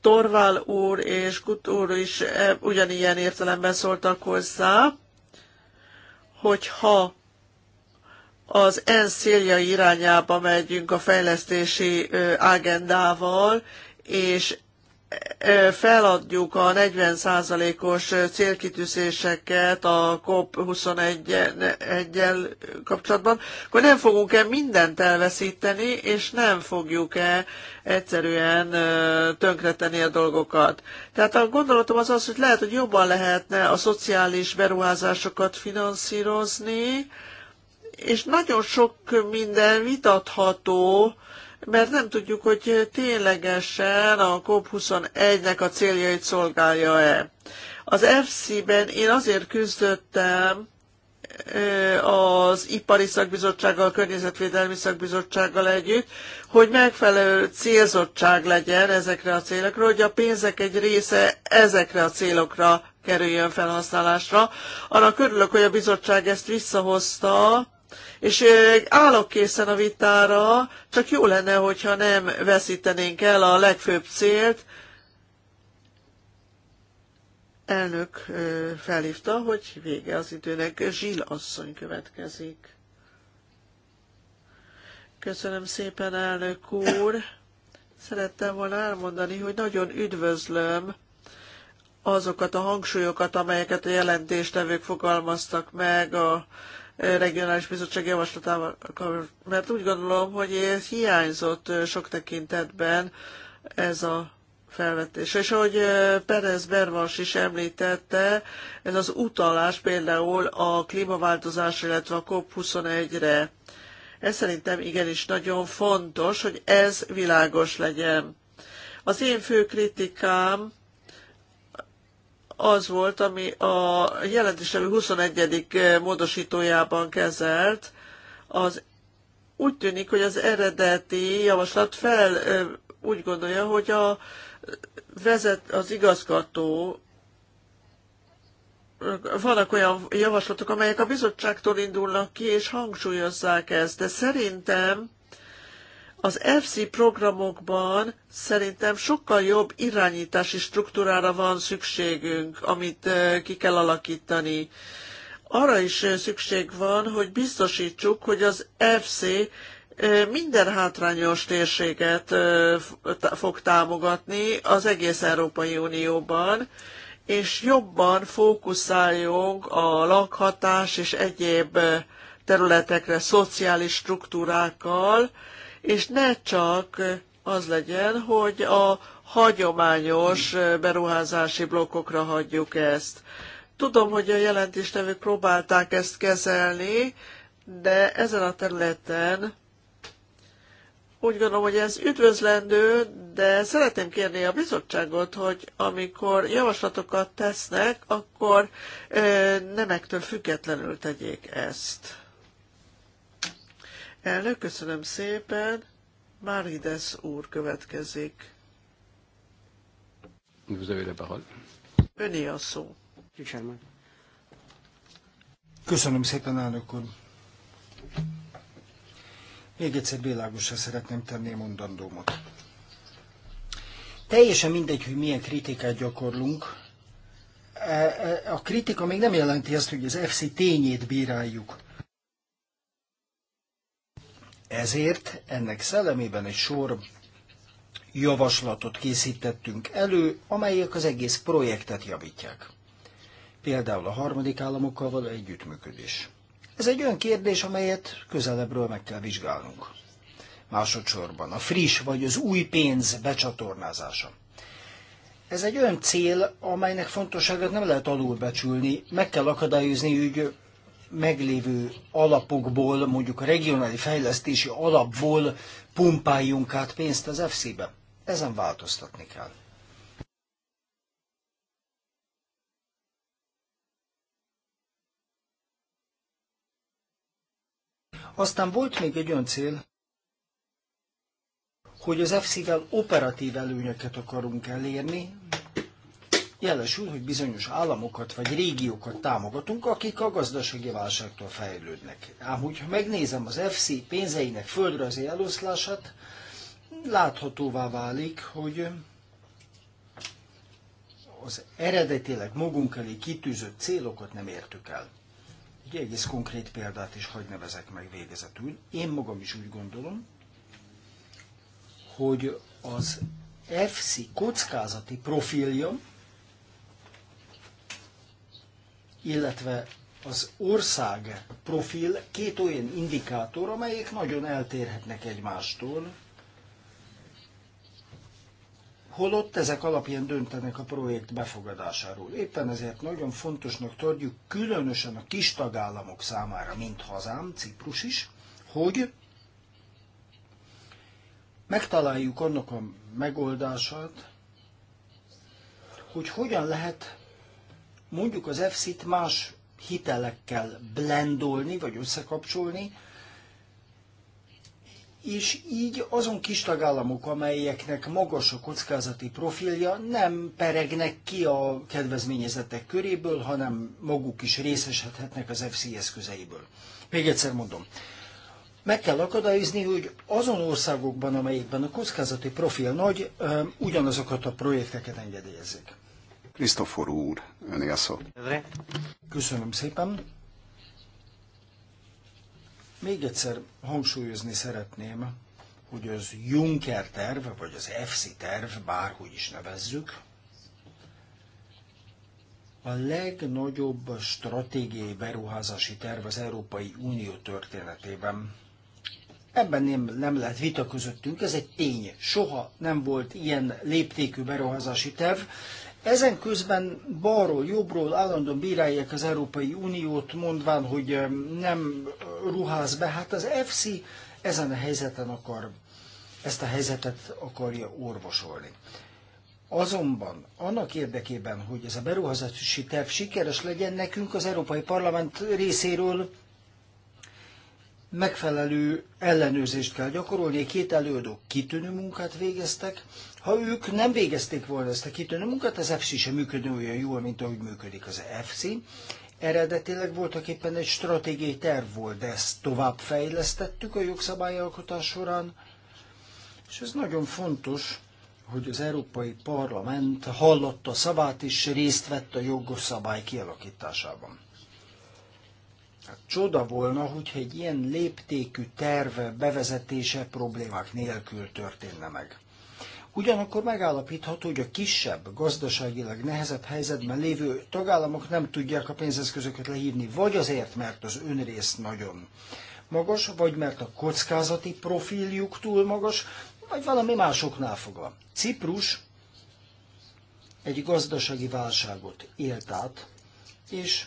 Torvál úr és Kut úr is ugyanilyen értelemben szóltak hozzá, hogyha az ENSZ célja irányába megyünk a fejlesztési agendával, és feladjuk a 40%-os célkitűzéseket a COP21-el kapcsolatban, akkor nem fogunk-e mindent elveszíteni, és nem fogjuk-e egyszerűen tönkretenni a dolgokat. Tehát a gondolatom az az, hogy lehet, hogy jobban lehetne a szociális beruházásokat finanszírozni, és nagyon sok minden vitatható, mert nem tudjuk, hogy ténylegesen a COP21-nek a céljait szolgálja-e. Az FC-ben én azért küzdöttem, az Ipari Szakbizottsággal, a Környezetvédelmi Szakbizottsággal együtt, hogy megfelelő célzottság legyen ezekre a célokra, hogy a pénzek egy része ezekre a célokra kerüljön felhasználásra. Annak örülök, hogy a bizottság ezt visszahozta, és állok készen a vitára, csak jó lenne, hogyha nem veszítenénk el a legfőbb célt. Elnök felhívta, hogy vége az időnek. Zsil asszony következik. Köszönöm szépen, elnök úr. Szerettem volna elmondani, hogy nagyon üdvözlöm azokat a hangsúlyokat, amelyeket a jelentéstevők fogalmaztak meg a regionális bizottság javaslatával, mert úgy gondolom, hogy hiányzott sok tekintetben ez a felvetés. És ahogy Perez Bervas is említette, ez az utalás például a klímaváltozás, illetve a COP21-re. Ez szerintem igenis nagyon fontos, hogy ez világos legyen. Az én fő kritikám az volt, ami a jelentéstevő 21. Eh, módosítójában kezelt, az úgy tűnik, hogy az eredeti javaslat fel eh, úgy gondolja, hogy a vezet, az igazgató vannak olyan javaslatok, amelyek a bizottságtól indulnak ki, és hangsúlyozzák ezt, de szerintem az fc programokban szerintem sokkal jobb irányítási struktúrára van szükségünk, amit ki kell alakítani. Arra is szükség van, hogy biztosítsuk, hogy az FC minden hátrányos térséget fog támogatni az egész Európai Unióban, és jobban fókuszáljunk a lakhatás és egyéb területekre, szociális struktúrákkal, és ne csak az legyen, hogy a hagyományos beruházási blokkokra hagyjuk ezt. Tudom, hogy a jelentéstevők próbálták ezt kezelni, de ezen a területen úgy gondolom, hogy ez üdvözlendő, de szeretném kérni a bizottságot, hogy amikor javaslatokat tesznek, akkor nemektől függetlenül tegyék ezt. Elnök, köszönöm szépen. Márides úr következik. Öné a szó.
Köszönöm szépen, elnök úr. Még egyszer világosra szeretném tenni a mondandómat. Teljesen mindegy, hogy milyen kritikát gyakorlunk. E, e, a kritika még nem jelenti azt, hogy az FC tényét bíráljuk. Ezért ennek szellemében egy sor javaslatot készítettünk elő, amelyek az egész projektet javítják. Például a harmadik államokkal való együttműködés. Ez egy olyan kérdés, amelyet közelebbről meg kell vizsgálnunk. Másodszorban a friss vagy az új pénz becsatornázása. Ez egy olyan cél, amelynek fontosságát nem lehet alulbecsülni, meg kell akadályozni, hogy meglévő alapokból, mondjuk a regionális fejlesztési alapból pumpáljunk át pénzt az FC-be. Ezen változtatni kell. Aztán volt még egy olyan cél, hogy az FC-vel operatív előnyöket akarunk elérni, jelesül, hogy bizonyos államokat vagy régiókat támogatunk, akik a gazdasági válságtól fejlődnek. Ám hogyha megnézem az FC pénzeinek földrajzi eloszlását, láthatóvá válik, hogy az eredetileg magunk elé kitűzött célokat nem értük el. Egy egész konkrét példát is hagy nevezek meg végezetül. Én magam is úgy gondolom, hogy az FC kockázati profilja illetve az ország profil két olyan indikátor, amelyek nagyon eltérhetnek egymástól, holott ezek alapján döntenek a projekt befogadásáról. Éppen ezért nagyon fontosnak tartjuk, különösen a kis tagállamok számára, mint hazám, Ciprus is, hogy megtaláljuk annak a megoldását, hogy hogyan lehet mondjuk az EFSZ-t más hitelekkel blendolni, vagy összekapcsolni, és így azon kis tagállamok, amelyeknek magas a kockázati profilja, nem peregnek ki a kedvezményezetek köréből, hanem maguk is részesedhetnek az FC eszközeiből. Még egyszer mondom, meg kell akadályozni, hogy azon országokban, amelyekben a kockázati profil nagy, ugyanazokat a projekteket engedélyezzék.
Krisztofor úr, öné szó.
Köszönöm szépen. Még egyszer hangsúlyozni szeretném, hogy az Juncker terv, vagy az EFSI terv, bárhogy is nevezzük, a legnagyobb stratégiai beruházási terv az Európai Unió történetében. Ebben nem, nem lehet vita közöttünk, ez egy tény. Soha nem volt ilyen léptékű beruházási terv, ezen közben balról, jobbról állandóan bírálják az Európai Uniót, mondván, hogy nem ruház be. Hát az FC ezen a helyzeten akar, ezt a helyzetet akarja orvosolni. Azonban annak érdekében, hogy ez a beruházási terv sikeres legyen, nekünk az Európai Parlament részéről megfelelő ellenőrzést kell gyakorolni. Két előadók kitűnő munkát végeztek, ha ők nem végezték volna ezt a kitűnő munkát, az EFSI sem működne olyan jól, mint ahogy működik az EFSI. Eredetileg voltak éppen egy stratégiai terv volt, de ezt tovább fejlesztettük a jogszabályalkotás során, és ez nagyon fontos, hogy az Európai Parlament hallotta szavát és részt vett a szabály kialakításában. Hát csoda volna, hogyha egy ilyen léptékű terve bevezetése problémák nélkül történne meg. Ugyanakkor megállapítható, hogy a kisebb, gazdaságilag nehezebb helyzetben lévő tagállamok nem tudják a pénzeszközöket lehívni, vagy azért, mert az önrész nagyon magas, vagy mert a kockázati profiljuk túl magas, vagy valami másoknál fogva. Ciprus egy gazdasági válságot élt át, és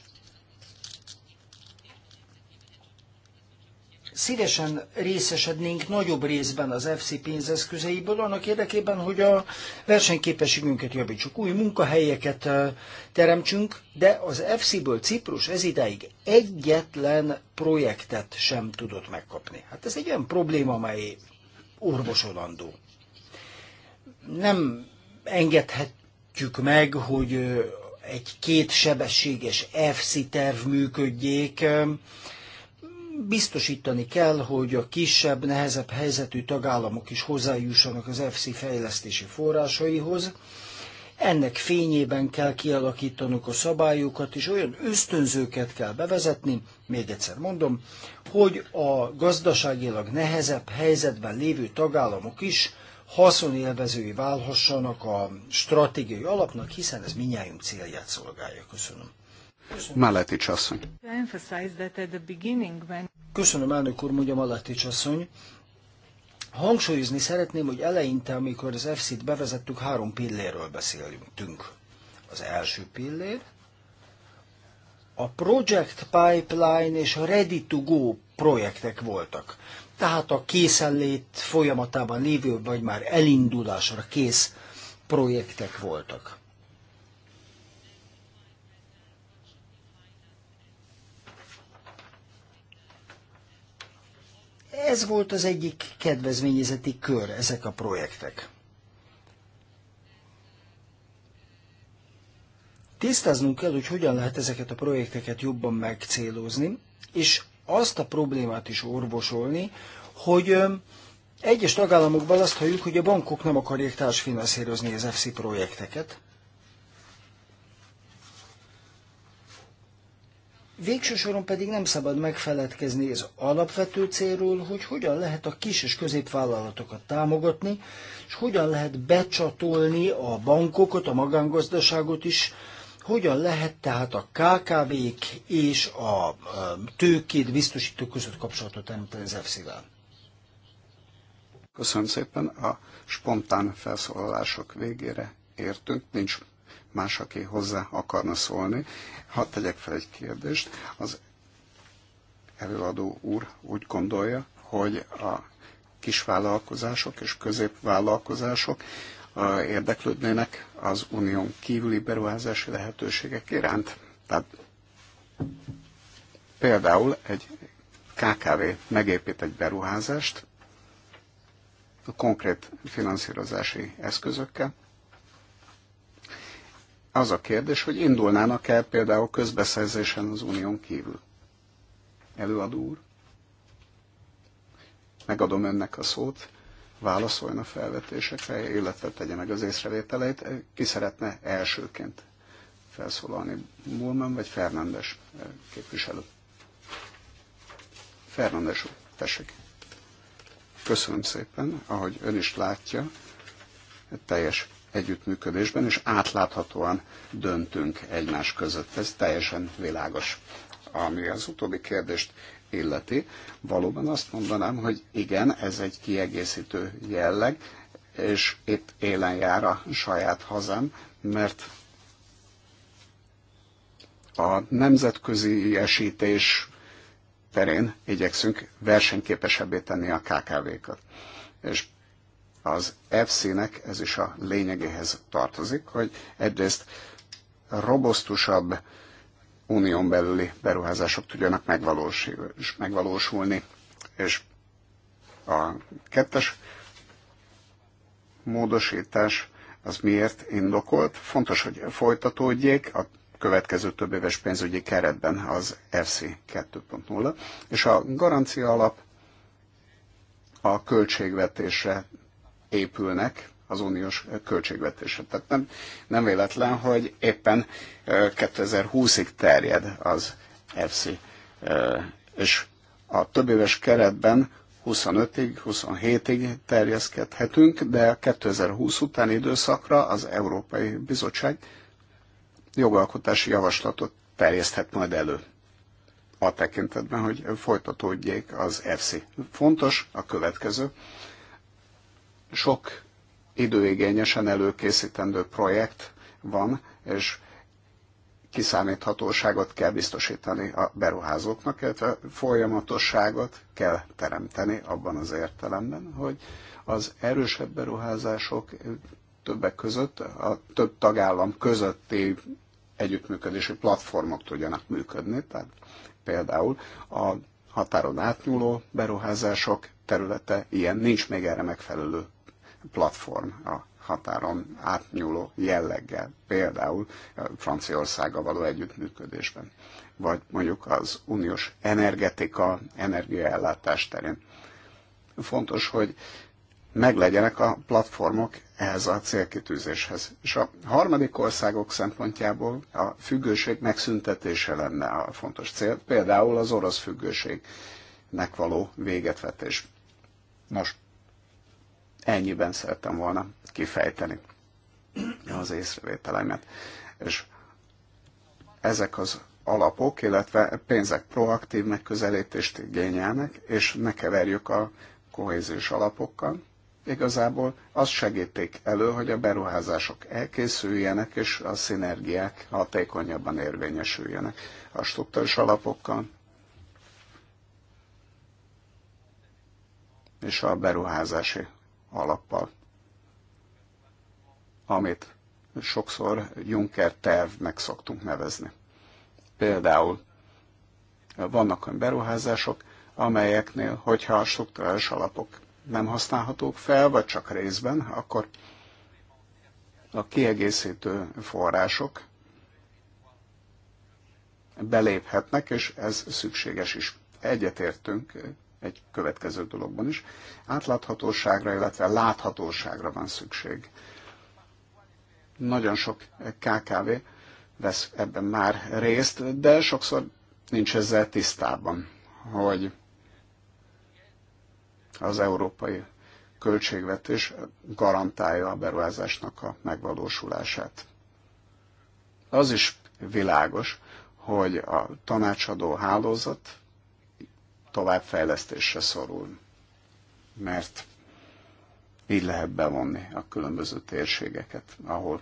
szívesen részesednénk nagyobb részben az FC pénzeszközeiből, annak érdekében, hogy a versenyképességünket javítsuk, új munkahelyeket teremtsünk, de az FC-ből Ciprus ez idáig egyetlen projektet sem tudott megkapni. Hát ez egy olyan probléma, amely orvosolandó. Nem engedhetjük meg, hogy egy kétsebességes FC terv működjék, Biztosítani kell, hogy a kisebb, nehezebb helyzetű tagállamok is hozzájussanak az FC fejlesztési forrásaihoz. Ennek fényében kell kialakítanunk a szabályokat, és olyan ösztönzőket kell bevezetni, még egyszer mondom, hogy a gazdaságilag nehezebb helyzetben lévő tagállamok is haszonélvezői válhassanak a stratégiai alapnak, hiszen ez minnyájunk célját szolgálja. Köszönöm.
Maletics asszony.
Köszönöm, elnök úr, mondja Maletics asszony. Hangsúlyozni szeretném, hogy eleinte, amikor az EFSZ-t bevezettük, három pilléről beszéltünk. Az első pillér, a Project Pipeline és a Ready to Go projektek voltak. Tehát a készenlét folyamatában lévő, vagy már elindulásra kész projektek voltak. Ez volt az egyik kedvezményezeti kör, ezek a projektek. Tisztáznunk kell, hogy hogyan lehet ezeket a projekteket jobban megcélozni, és azt a problémát is orvosolni, hogy egyes tagállamokban azt halljuk, hogy a bankok nem akarják társfinanszírozni az FC projekteket, Végső soron pedig nem szabad megfeledkezni az alapvető célról, hogy hogyan lehet a kis és középvállalatokat támogatni, és hogyan lehet becsatolni a bankokat, a magángazdaságot is, hogyan lehet tehát a KKV-k és a tőkét biztosító között kapcsolatot teremteni az fc vel
Köszönöm szépen, a spontán felszólalások végére értünk, nincs más, aki hozzá akarna szólni. Ha tegyek fel egy kérdést. Az előadó úr úgy gondolja, hogy a kisvállalkozások és középvállalkozások érdeklődnének az unión kívüli beruházási lehetőségek iránt. Tehát például egy KKV megépít egy beruházást, a konkrét finanszírozási eszközökkel, az a kérdés, hogy indulnának e például közbeszerzésen az unión kívül. Előadó úr, megadom önnek a szót, válaszoljon a felvetésekre, illetve tegye meg az észrevételeit. Ki szeretne elsőként felszólalni? Mulman vagy Fernandes eh, képviselő? Fernandes úr, tessék. Köszönöm szépen, ahogy ön is látja, teljes együttműködésben, és átláthatóan döntünk egymás között. Ez teljesen világos. Ami az utóbbi kérdést illeti, valóban azt mondanám, hogy igen, ez egy kiegészítő jelleg, és itt élen jár a saját hazám, mert a nemzetközi esítés terén igyekszünk versenyképesebbé tenni a KKV-kat. És az fc nek ez is a lényegéhez tartozik, hogy egyrészt robosztusabb unión belüli beruházások tudjanak megvalósulni. És a kettes módosítás az miért indokolt? Fontos, hogy folytatódjék a következő több éves pénzügyi keretben az FC 2.0, és a garancia alap a költségvetésre épülnek az uniós költségvetésre. Tehát nem, nem véletlen, hogy éppen 2020-ig terjed az FC, és a több éves keretben 25-ig, 27-ig terjeszkedhetünk, de 2020 utáni időszakra az Európai Bizottság jogalkotási javaslatot terjeszthet majd elő a tekintetben, hogy folytatódjék az FC. Fontos a következő, sok időigényesen előkészítendő projekt van, és kiszámíthatóságot kell biztosítani a beruházóknak, illetve folyamatosságot kell teremteni abban az értelemben, hogy az erősebb beruházások többek között, a több tagállam közötti együttműködési platformok tudjanak működni, tehát például a határon átnyúló beruházások területe ilyen, nincs még erre megfelelő platform a határon átnyúló jelleggel, például Franciaországgal való együttműködésben, vagy mondjuk az uniós energetika, energiaellátás terén. Fontos, hogy meglegyenek a platformok ehhez a célkitűzéshez. És a harmadik országok szempontjából a függőség megszüntetése lenne a fontos cél, például az orosz függőségnek való végetvetés. Nos, Ennyiben szerettem volna kifejteni az észrevételemet. És ezek az alapok, illetve pénzek proaktív megközelítést igényelnek, és ne keverjük a kohéziós alapokkal. Igazából azt segítik elő, hogy a beruházások elkészüljenek, és a szinergiák hatékonyabban érvényesüljenek a struktúrás alapokkal. És a beruházási alappal, amit sokszor Juncker tervnek szoktunk nevezni. Például vannak olyan beruházások, amelyeknél, hogyha a struktúrális alapok nem használhatók fel, vagy csak részben, akkor a kiegészítő források beléphetnek, és ez szükséges is. Egyetértünk egy következő dologban is. Átláthatóságra, illetve láthatóságra van szükség. Nagyon sok KKV vesz ebben már részt, de sokszor nincs ezzel tisztában, hogy az európai költségvetés garantálja a beruházásnak a megvalósulását. Az is világos, hogy a tanácsadó hálózat továbbfejlesztésre szorul, mert így lehet bevonni a különböző térségeket, ahol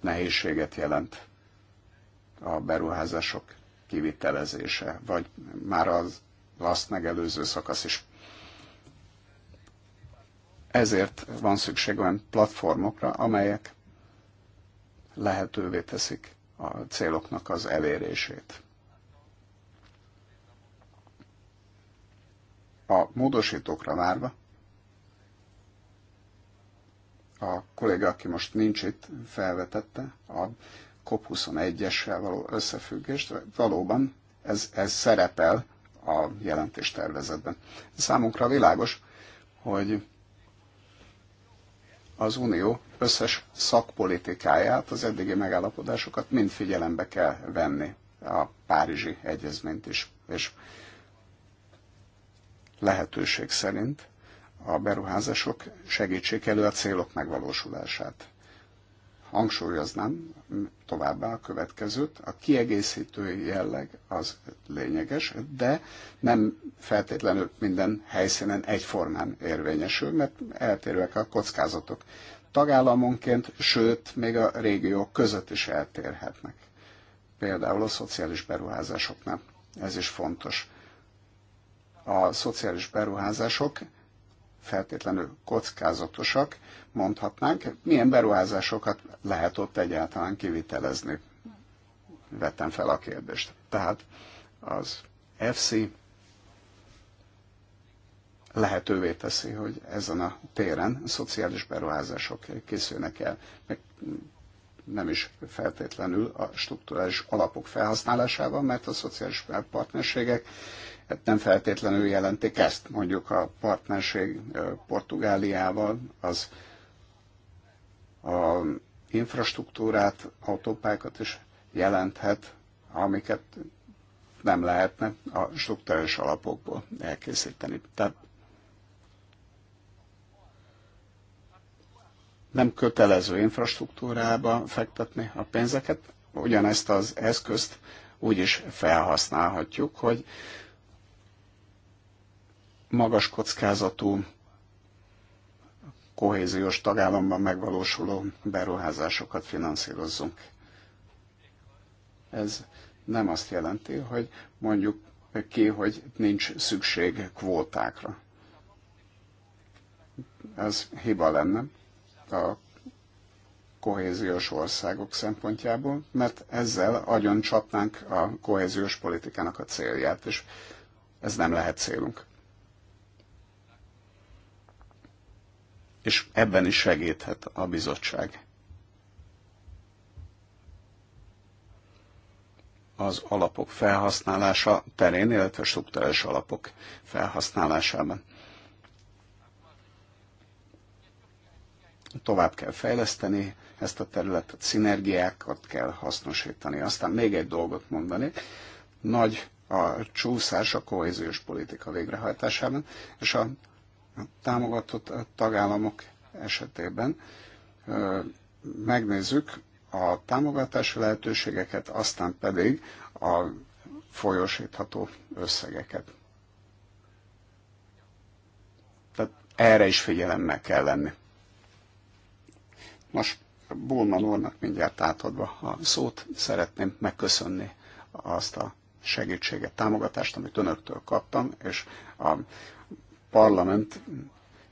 nehézséget jelent a beruházások kivitelezése, vagy már az azt megelőző szakasz is. Ezért van szükség olyan platformokra, amelyek lehetővé teszik a céloknak az elérését. A módosítókra várva, a kolléga, aki most nincs itt, felvetette a COP21-essel való összefüggést, valóban ez, ez szerepel a jelentéstervezetben. Számunkra világos, hogy az Unió összes szakpolitikáját, az eddigi megállapodásokat mind figyelembe kell venni, a Párizsi Egyezményt is. És lehetőség szerint a beruházások segítsék elő a célok megvalósulását. Hangsúlyoznám továbbá a következőt, a kiegészítő jelleg az lényeges, de nem feltétlenül minden helyszínen egyformán érvényesül, mert eltérőek a kockázatok. Tagállamonként, sőt, még a régiók között is eltérhetnek. Például a szociális beruházásoknál. Ez is fontos a szociális beruházások feltétlenül kockázatosak, mondhatnánk, milyen beruházásokat lehet ott egyáltalán kivitelezni. Vettem fel a kérdést. Tehát az FC lehetővé teszi, hogy ezen a téren a szociális beruházások készülnek el, meg nem is feltétlenül a strukturális alapok felhasználásával, mert a szociális partnerségek hát nem feltétlenül jelentik ezt. Mondjuk a partnerség Portugáliával az a infrastruktúrát, autópákat is jelenthet, amiket nem lehetne a struktúrális alapokból elkészíteni. Tehát nem kötelező infrastruktúrába fektetni a pénzeket, ugyanezt az eszközt úgy is felhasználhatjuk, hogy magas kockázatú, kohéziós tagállamban megvalósuló beruházásokat finanszírozzunk. Ez nem azt jelenti, hogy mondjuk ki, hogy nincs szükség kvótákra. Ez hiba lenne a kohéziós országok szempontjából, mert ezzel agyon csapnánk a kohéziós politikának a célját, és ez nem lehet célunk. és ebben is segíthet a bizottság. az alapok felhasználása terén, illetve struktúrális alapok felhasználásában. Tovább kell fejleszteni ezt a területet, szinergiákat kell hasznosítani. Aztán még egy dolgot mondani. Nagy a csúszás a kohéziós politika végrehajtásában, és a támogatott eh, tagállamok esetében eh, megnézzük a támogatási lehetőségeket, aztán pedig a folyosítható összegeket. Tehát erre is figyelemmel kell lenni. Most Bulman úrnak mindjárt átadva a szót, szeretném megköszönni azt a segítséget, támogatást, amit önöktől kaptam, és a parlament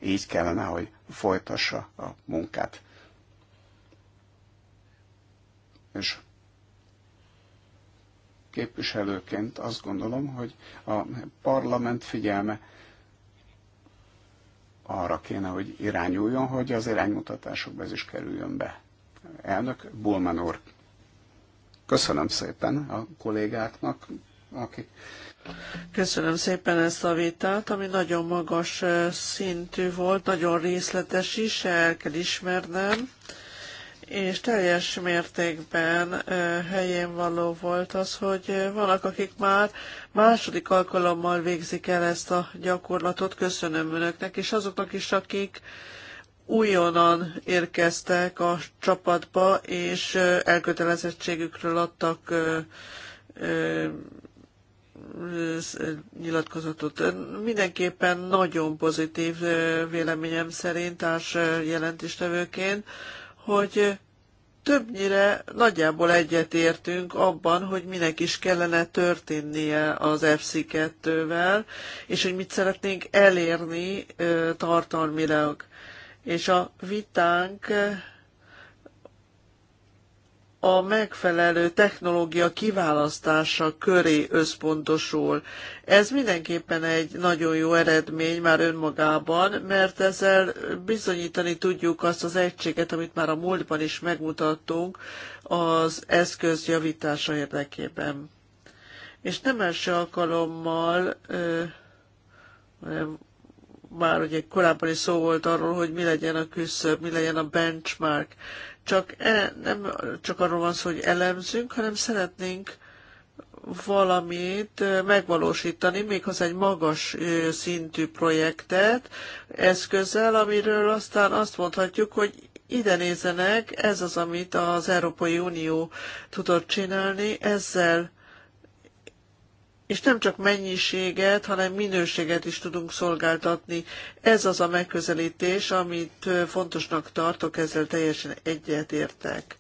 így kellene, hogy folytassa a munkát. És képviselőként azt gondolom, hogy a parlament figyelme arra kéne, hogy irányuljon, hogy az iránymutatásokba ez is kerüljön be. Elnök Bulman úr, köszönöm szépen a kollégáknak,
akik Köszönöm szépen ezt a vitát, ami nagyon magas szintű volt, nagyon részletes is, el kell ismernem, és teljes mértékben helyén való volt az, hogy vannak, akik már második alkalommal végzik el ezt a gyakorlatot, köszönöm önöknek, és azoknak is, akik újonnan érkeztek a csapatba, és elkötelezettségükről adtak nyilatkozatot. Mindenképpen nagyon pozitív véleményem szerint társ jelentéstevőként, hogy többnyire nagyjából egyetértünk abban, hogy minek is kellene történnie az FC2-vel, és hogy mit szeretnénk elérni tartalmilag. És a vitánk a megfelelő technológia kiválasztása köré összpontosul. Ez mindenképpen egy nagyon jó eredmény már önmagában, mert ezzel bizonyítani tudjuk azt az egységet, amit már a múltban is megmutattunk az eszköz javítása érdekében. És nem első alkalommal, már ugye korábban is szó volt arról, hogy mi legyen a küszöb, mi legyen a benchmark csak e, nem csak arról van szó, hogy elemzünk, hanem szeretnénk valamit e, megvalósítani, méghozzá egy magas e, szintű projektet eszközzel, amiről aztán azt mondhatjuk, hogy ide nézenek, ez az, amit az Európai Unió tudott csinálni, ezzel és nem csak mennyiséget, hanem minőséget is tudunk szolgáltatni. Ez az a megközelítés, amit fontosnak tartok, ezzel teljesen egyetértek.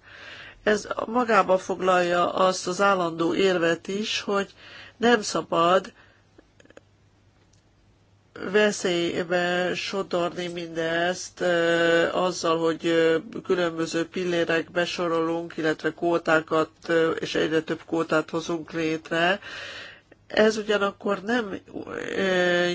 Ez magába foglalja azt az állandó érvet is, hogy nem szabad veszélybe sodorni mindezt azzal, hogy különböző pillérek besorolunk, illetve kótákat, és egyre több kótát hozunk létre, ez ugyanakkor nem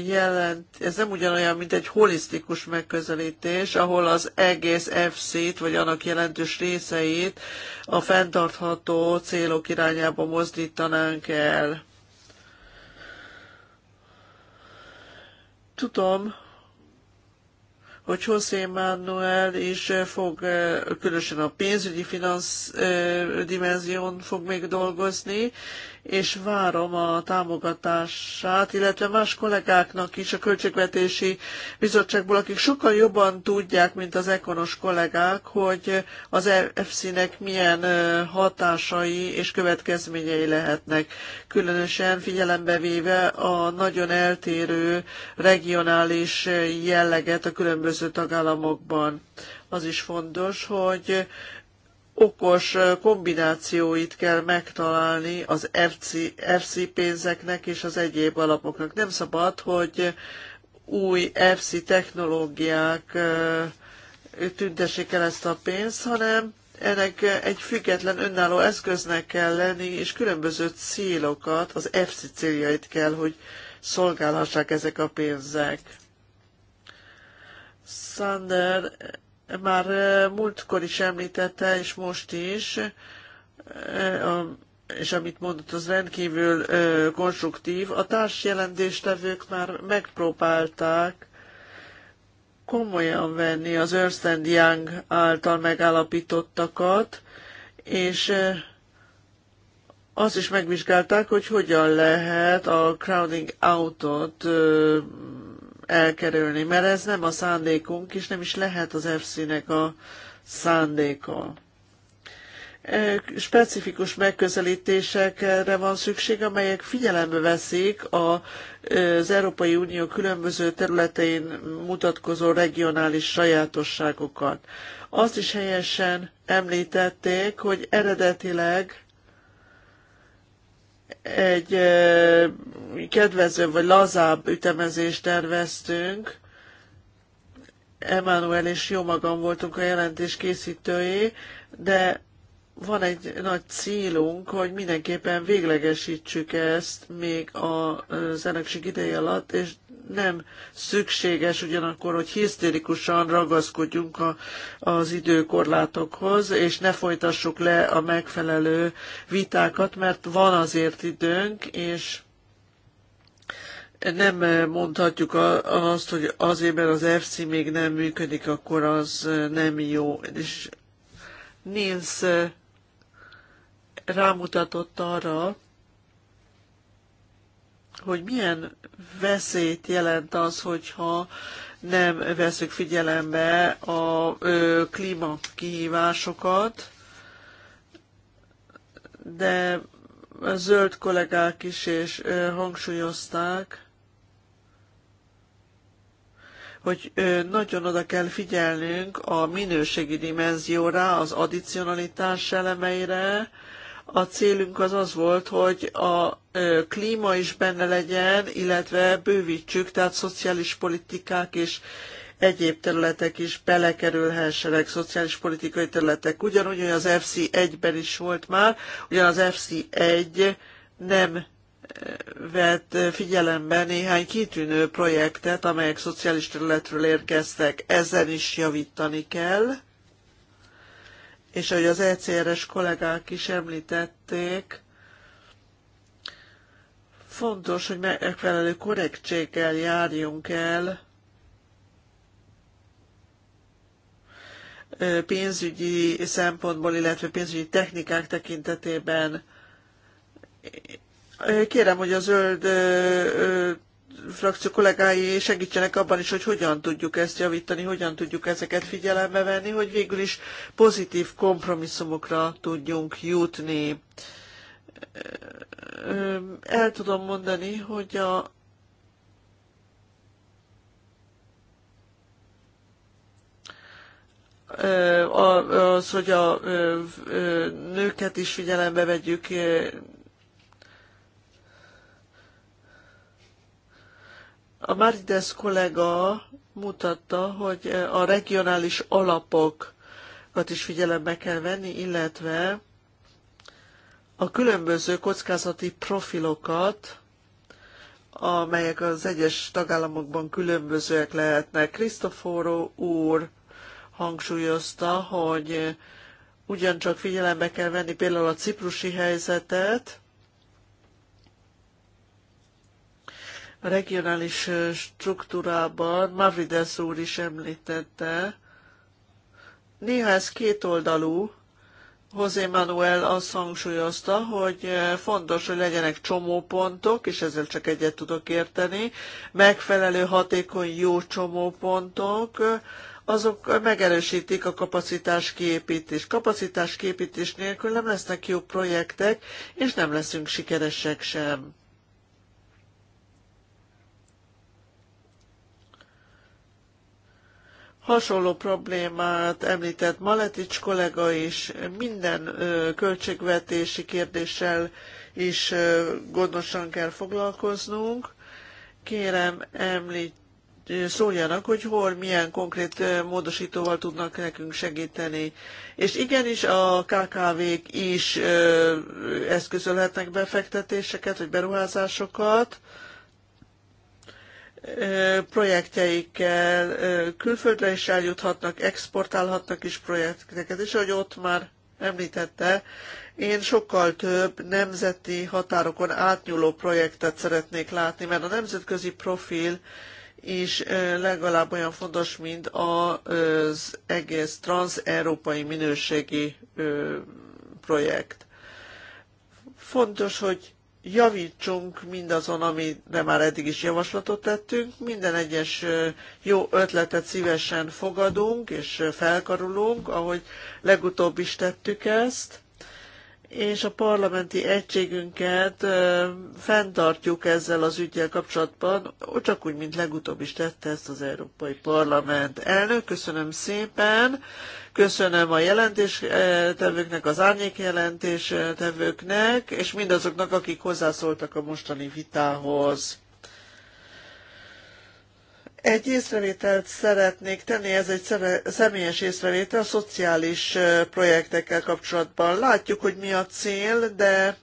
jelent, ez nem ugyanolyan, mint egy holisztikus megközelítés, ahol az egész FC-t, vagy annak jelentős részeit a fenntartható célok irányába mozdítanánk el. Tudom, hogy José Manuel is fog, különösen a pénzügyi finansz dimenzión fog még dolgozni, és várom a támogatását, illetve más kollégáknak is a Költségvetési Bizottságból, akik sokkal jobban tudják, mint az ekonos kollégák, hogy az EFSZ-nek milyen hatásai és következményei lehetnek, különösen figyelembe véve a nagyon eltérő regionális jelleget a különböző tagállamokban az is fontos, hogy okos kombinációit kell megtalálni az FC, FC pénzeknek és az egyéb alapoknak. Nem szabad, hogy új FC technológiák tüntessék el ezt a pénzt, hanem ennek egy független önálló eszköznek kell lenni, és különböző célokat, az FC céljait kell, hogy szolgálhassák ezek a pénzek. Sander már múltkor is említette, és most is, és amit mondott, az rendkívül konstruktív. A társjelentéstevők már megpróbálták komolyan venni az Ernst Young által megállapítottakat, és azt is megvizsgálták, hogy hogyan lehet a crowding out out-ot elkerülni, mert ez nem a szándékunk, és nem is lehet az fc nek a szándéka specifikus megközelítésekre van szükség, amelyek figyelembe veszik az Európai Unió különböző területein mutatkozó regionális sajátosságokat. Azt is helyesen említették, hogy eredetileg egy kedvezőbb vagy lazább ütemezést terveztünk. Emmanuel és jó magam voltunk a jelentés készítői, de van egy nagy célunk, hogy mindenképpen véglegesítsük ezt még az elnökség ideje alatt, és nem szükséges ugyanakkor, hogy hisztérikusan ragaszkodjunk a, az időkorlátokhoz, és ne folytassuk le a megfelelő vitákat, mert van azért időnk, és nem mondhatjuk azt, hogy azért, mert az FC még nem működik, akkor az nem jó. És Nils rámutatott arra, hogy milyen veszélyt jelent az, hogyha nem veszük figyelembe a ö, klímakihívásokat, de a zöld kollégák is és ö, hangsúlyozták, hogy ö, nagyon oda kell figyelnünk a minőségi dimenzióra, az addicionalitás elemeire, ö, a célunk az az volt, hogy a klíma is benne legyen, illetve bővítsük, tehát szociális politikák és egyéb területek is belekerülhessenek, szociális politikai területek. Ugyanúgy, hogy az FC1-ben is volt már, ugyan az FC1 nem vett figyelembe néhány kitűnő projektet, amelyek szociális területről érkeztek. Ezen is javítani kell és ahogy az ECRS kollégák is említették, fontos, hogy megfelelő korrektséggel járjunk el pénzügyi szempontból, illetve pénzügyi technikák tekintetében. Kérem, hogy a zöld frakció kollégái segítsenek abban is, hogy hogyan tudjuk ezt javítani, hogyan tudjuk ezeket figyelembe venni, hogy végül is pozitív kompromisszumokra tudjunk jutni. El tudom mondani, hogy a az, hogy a nőket is figyelembe vegyük, A Marides kollega mutatta, hogy a regionális alapokat is figyelembe kell venni, illetve a különböző kockázati profilokat, amelyek az egyes tagállamokban különbözőek lehetnek. Krisztoforó úr hangsúlyozta, hogy ugyancsak figyelembe kell venni például a ciprusi helyzetet, regionális struktúrában, Mavrides úr is említette, néha ez kétoldalú, José Manuel azt hangsúlyozta, hogy fontos, hogy legyenek csomópontok, és ezzel csak egyet tudok érteni, megfelelő, hatékony, jó csomópontok, azok megerősítik a kapacitás kiépítést. Kapacitás kiépítés nélkül nem lesznek jó projektek, és nem leszünk sikeresek sem. Hasonló problémát említett Maletics kollega is, minden költségvetési kérdéssel is gondosan kell foglalkoznunk. Kérem, említ, szóljanak, hogy hol milyen konkrét módosítóval tudnak nekünk segíteni. És igenis a KKV-k is eszközölhetnek befektetéseket, vagy beruházásokat, projektjeikkel külföldre is eljuthatnak, exportálhatnak is projekteket, és ahogy ott már említette, én sokkal több nemzeti határokon átnyúló projektet szeretnék látni, mert a nemzetközi profil is legalább olyan fontos, mint az egész transeurópai minőségi projekt. Fontos, hogy javítsunk mindazon, amire már eddig is javaslatot tettünk. Minden egyes jó ötletet szívesen fogadunk és felkarulunk, ahogy legutóbb is tettük ezt és a parlamenti egységünket fenntartjuk ezzel az ügyel kapcsolatban, csak úgy, mint legutóbb is tette ezt az Európai Parlament elnök. Köszönöm szépen, köszönöm a jelentéstevőknek, az árnyék jelentéstevőknek, és mindazoknak, akik hozzászóltak a mostani vitához. Egy észrevételt szeretnék tenni, ez egy személyes észrevétel a szociális projektekkel kapcsolatban. Látjuk, hogy mi a cél, de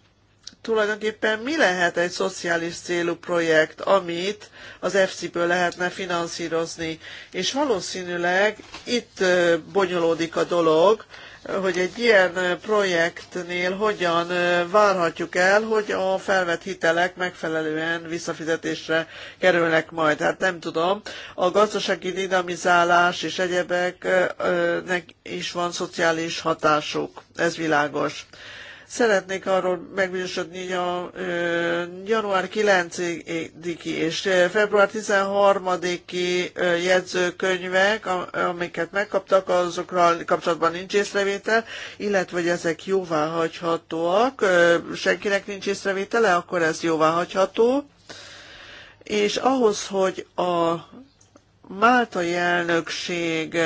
tulajdonképpen mi lehet egy szociális célú projekt, amit az EFSI-ből lehetne finanszírozni. És valószínűleg itt bonyolódik a dolog, hogy egy ilyen projektnél hogyan várhatjuk el, hogy a felvett hitelek megfelelően visszafizetésre kerülnek majd. Hát nem tudom. A gazdasági dinamizálás és egyebeknek is van szociális hatásuk. Ez világos. Szeretnék arról megbizsodni a január 9-i és február 13-i jegyzőkönyvek, amiket megkaptak, azokra kapcsolatban nincs észrevétel, illetve hogy ezek jóváhagyhatóak. Senkinek nincs észrevétele, akkor ez jóváhagyható. És ahhoz, hogy a máltai elnökség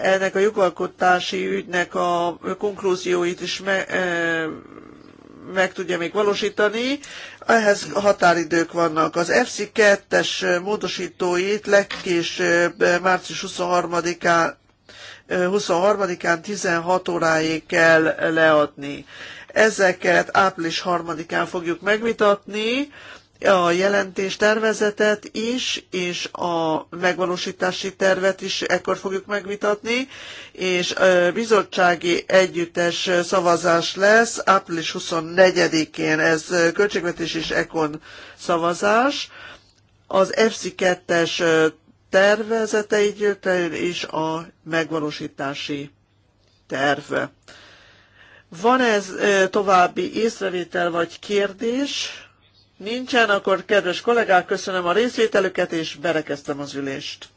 ennek a jogalkotási ügynek a konklúzióit is me, e, meg tudja még valósítani. Ehhez határidők vannak. Az FC 2-es módosítóit legkésőbb e, március 23-án 23-án 16 óráig kell leadni. Ezeket április 3-án fogjuk megvitatni a jelentés tervezetet is, és a megvalósítási tervet is ekkor fogjuk megvitatni, és bizottsági együttes szavazás lesz április 24-én, ez költségvetés és ekon szavazás. Az FC2-es tervezete így és a megvalósítási terv. Van ez további észrevétel vagy kérdés? Nincsen, akkor kedves kollégák, köszönöm a részvételüket, és berekeztem az ülést.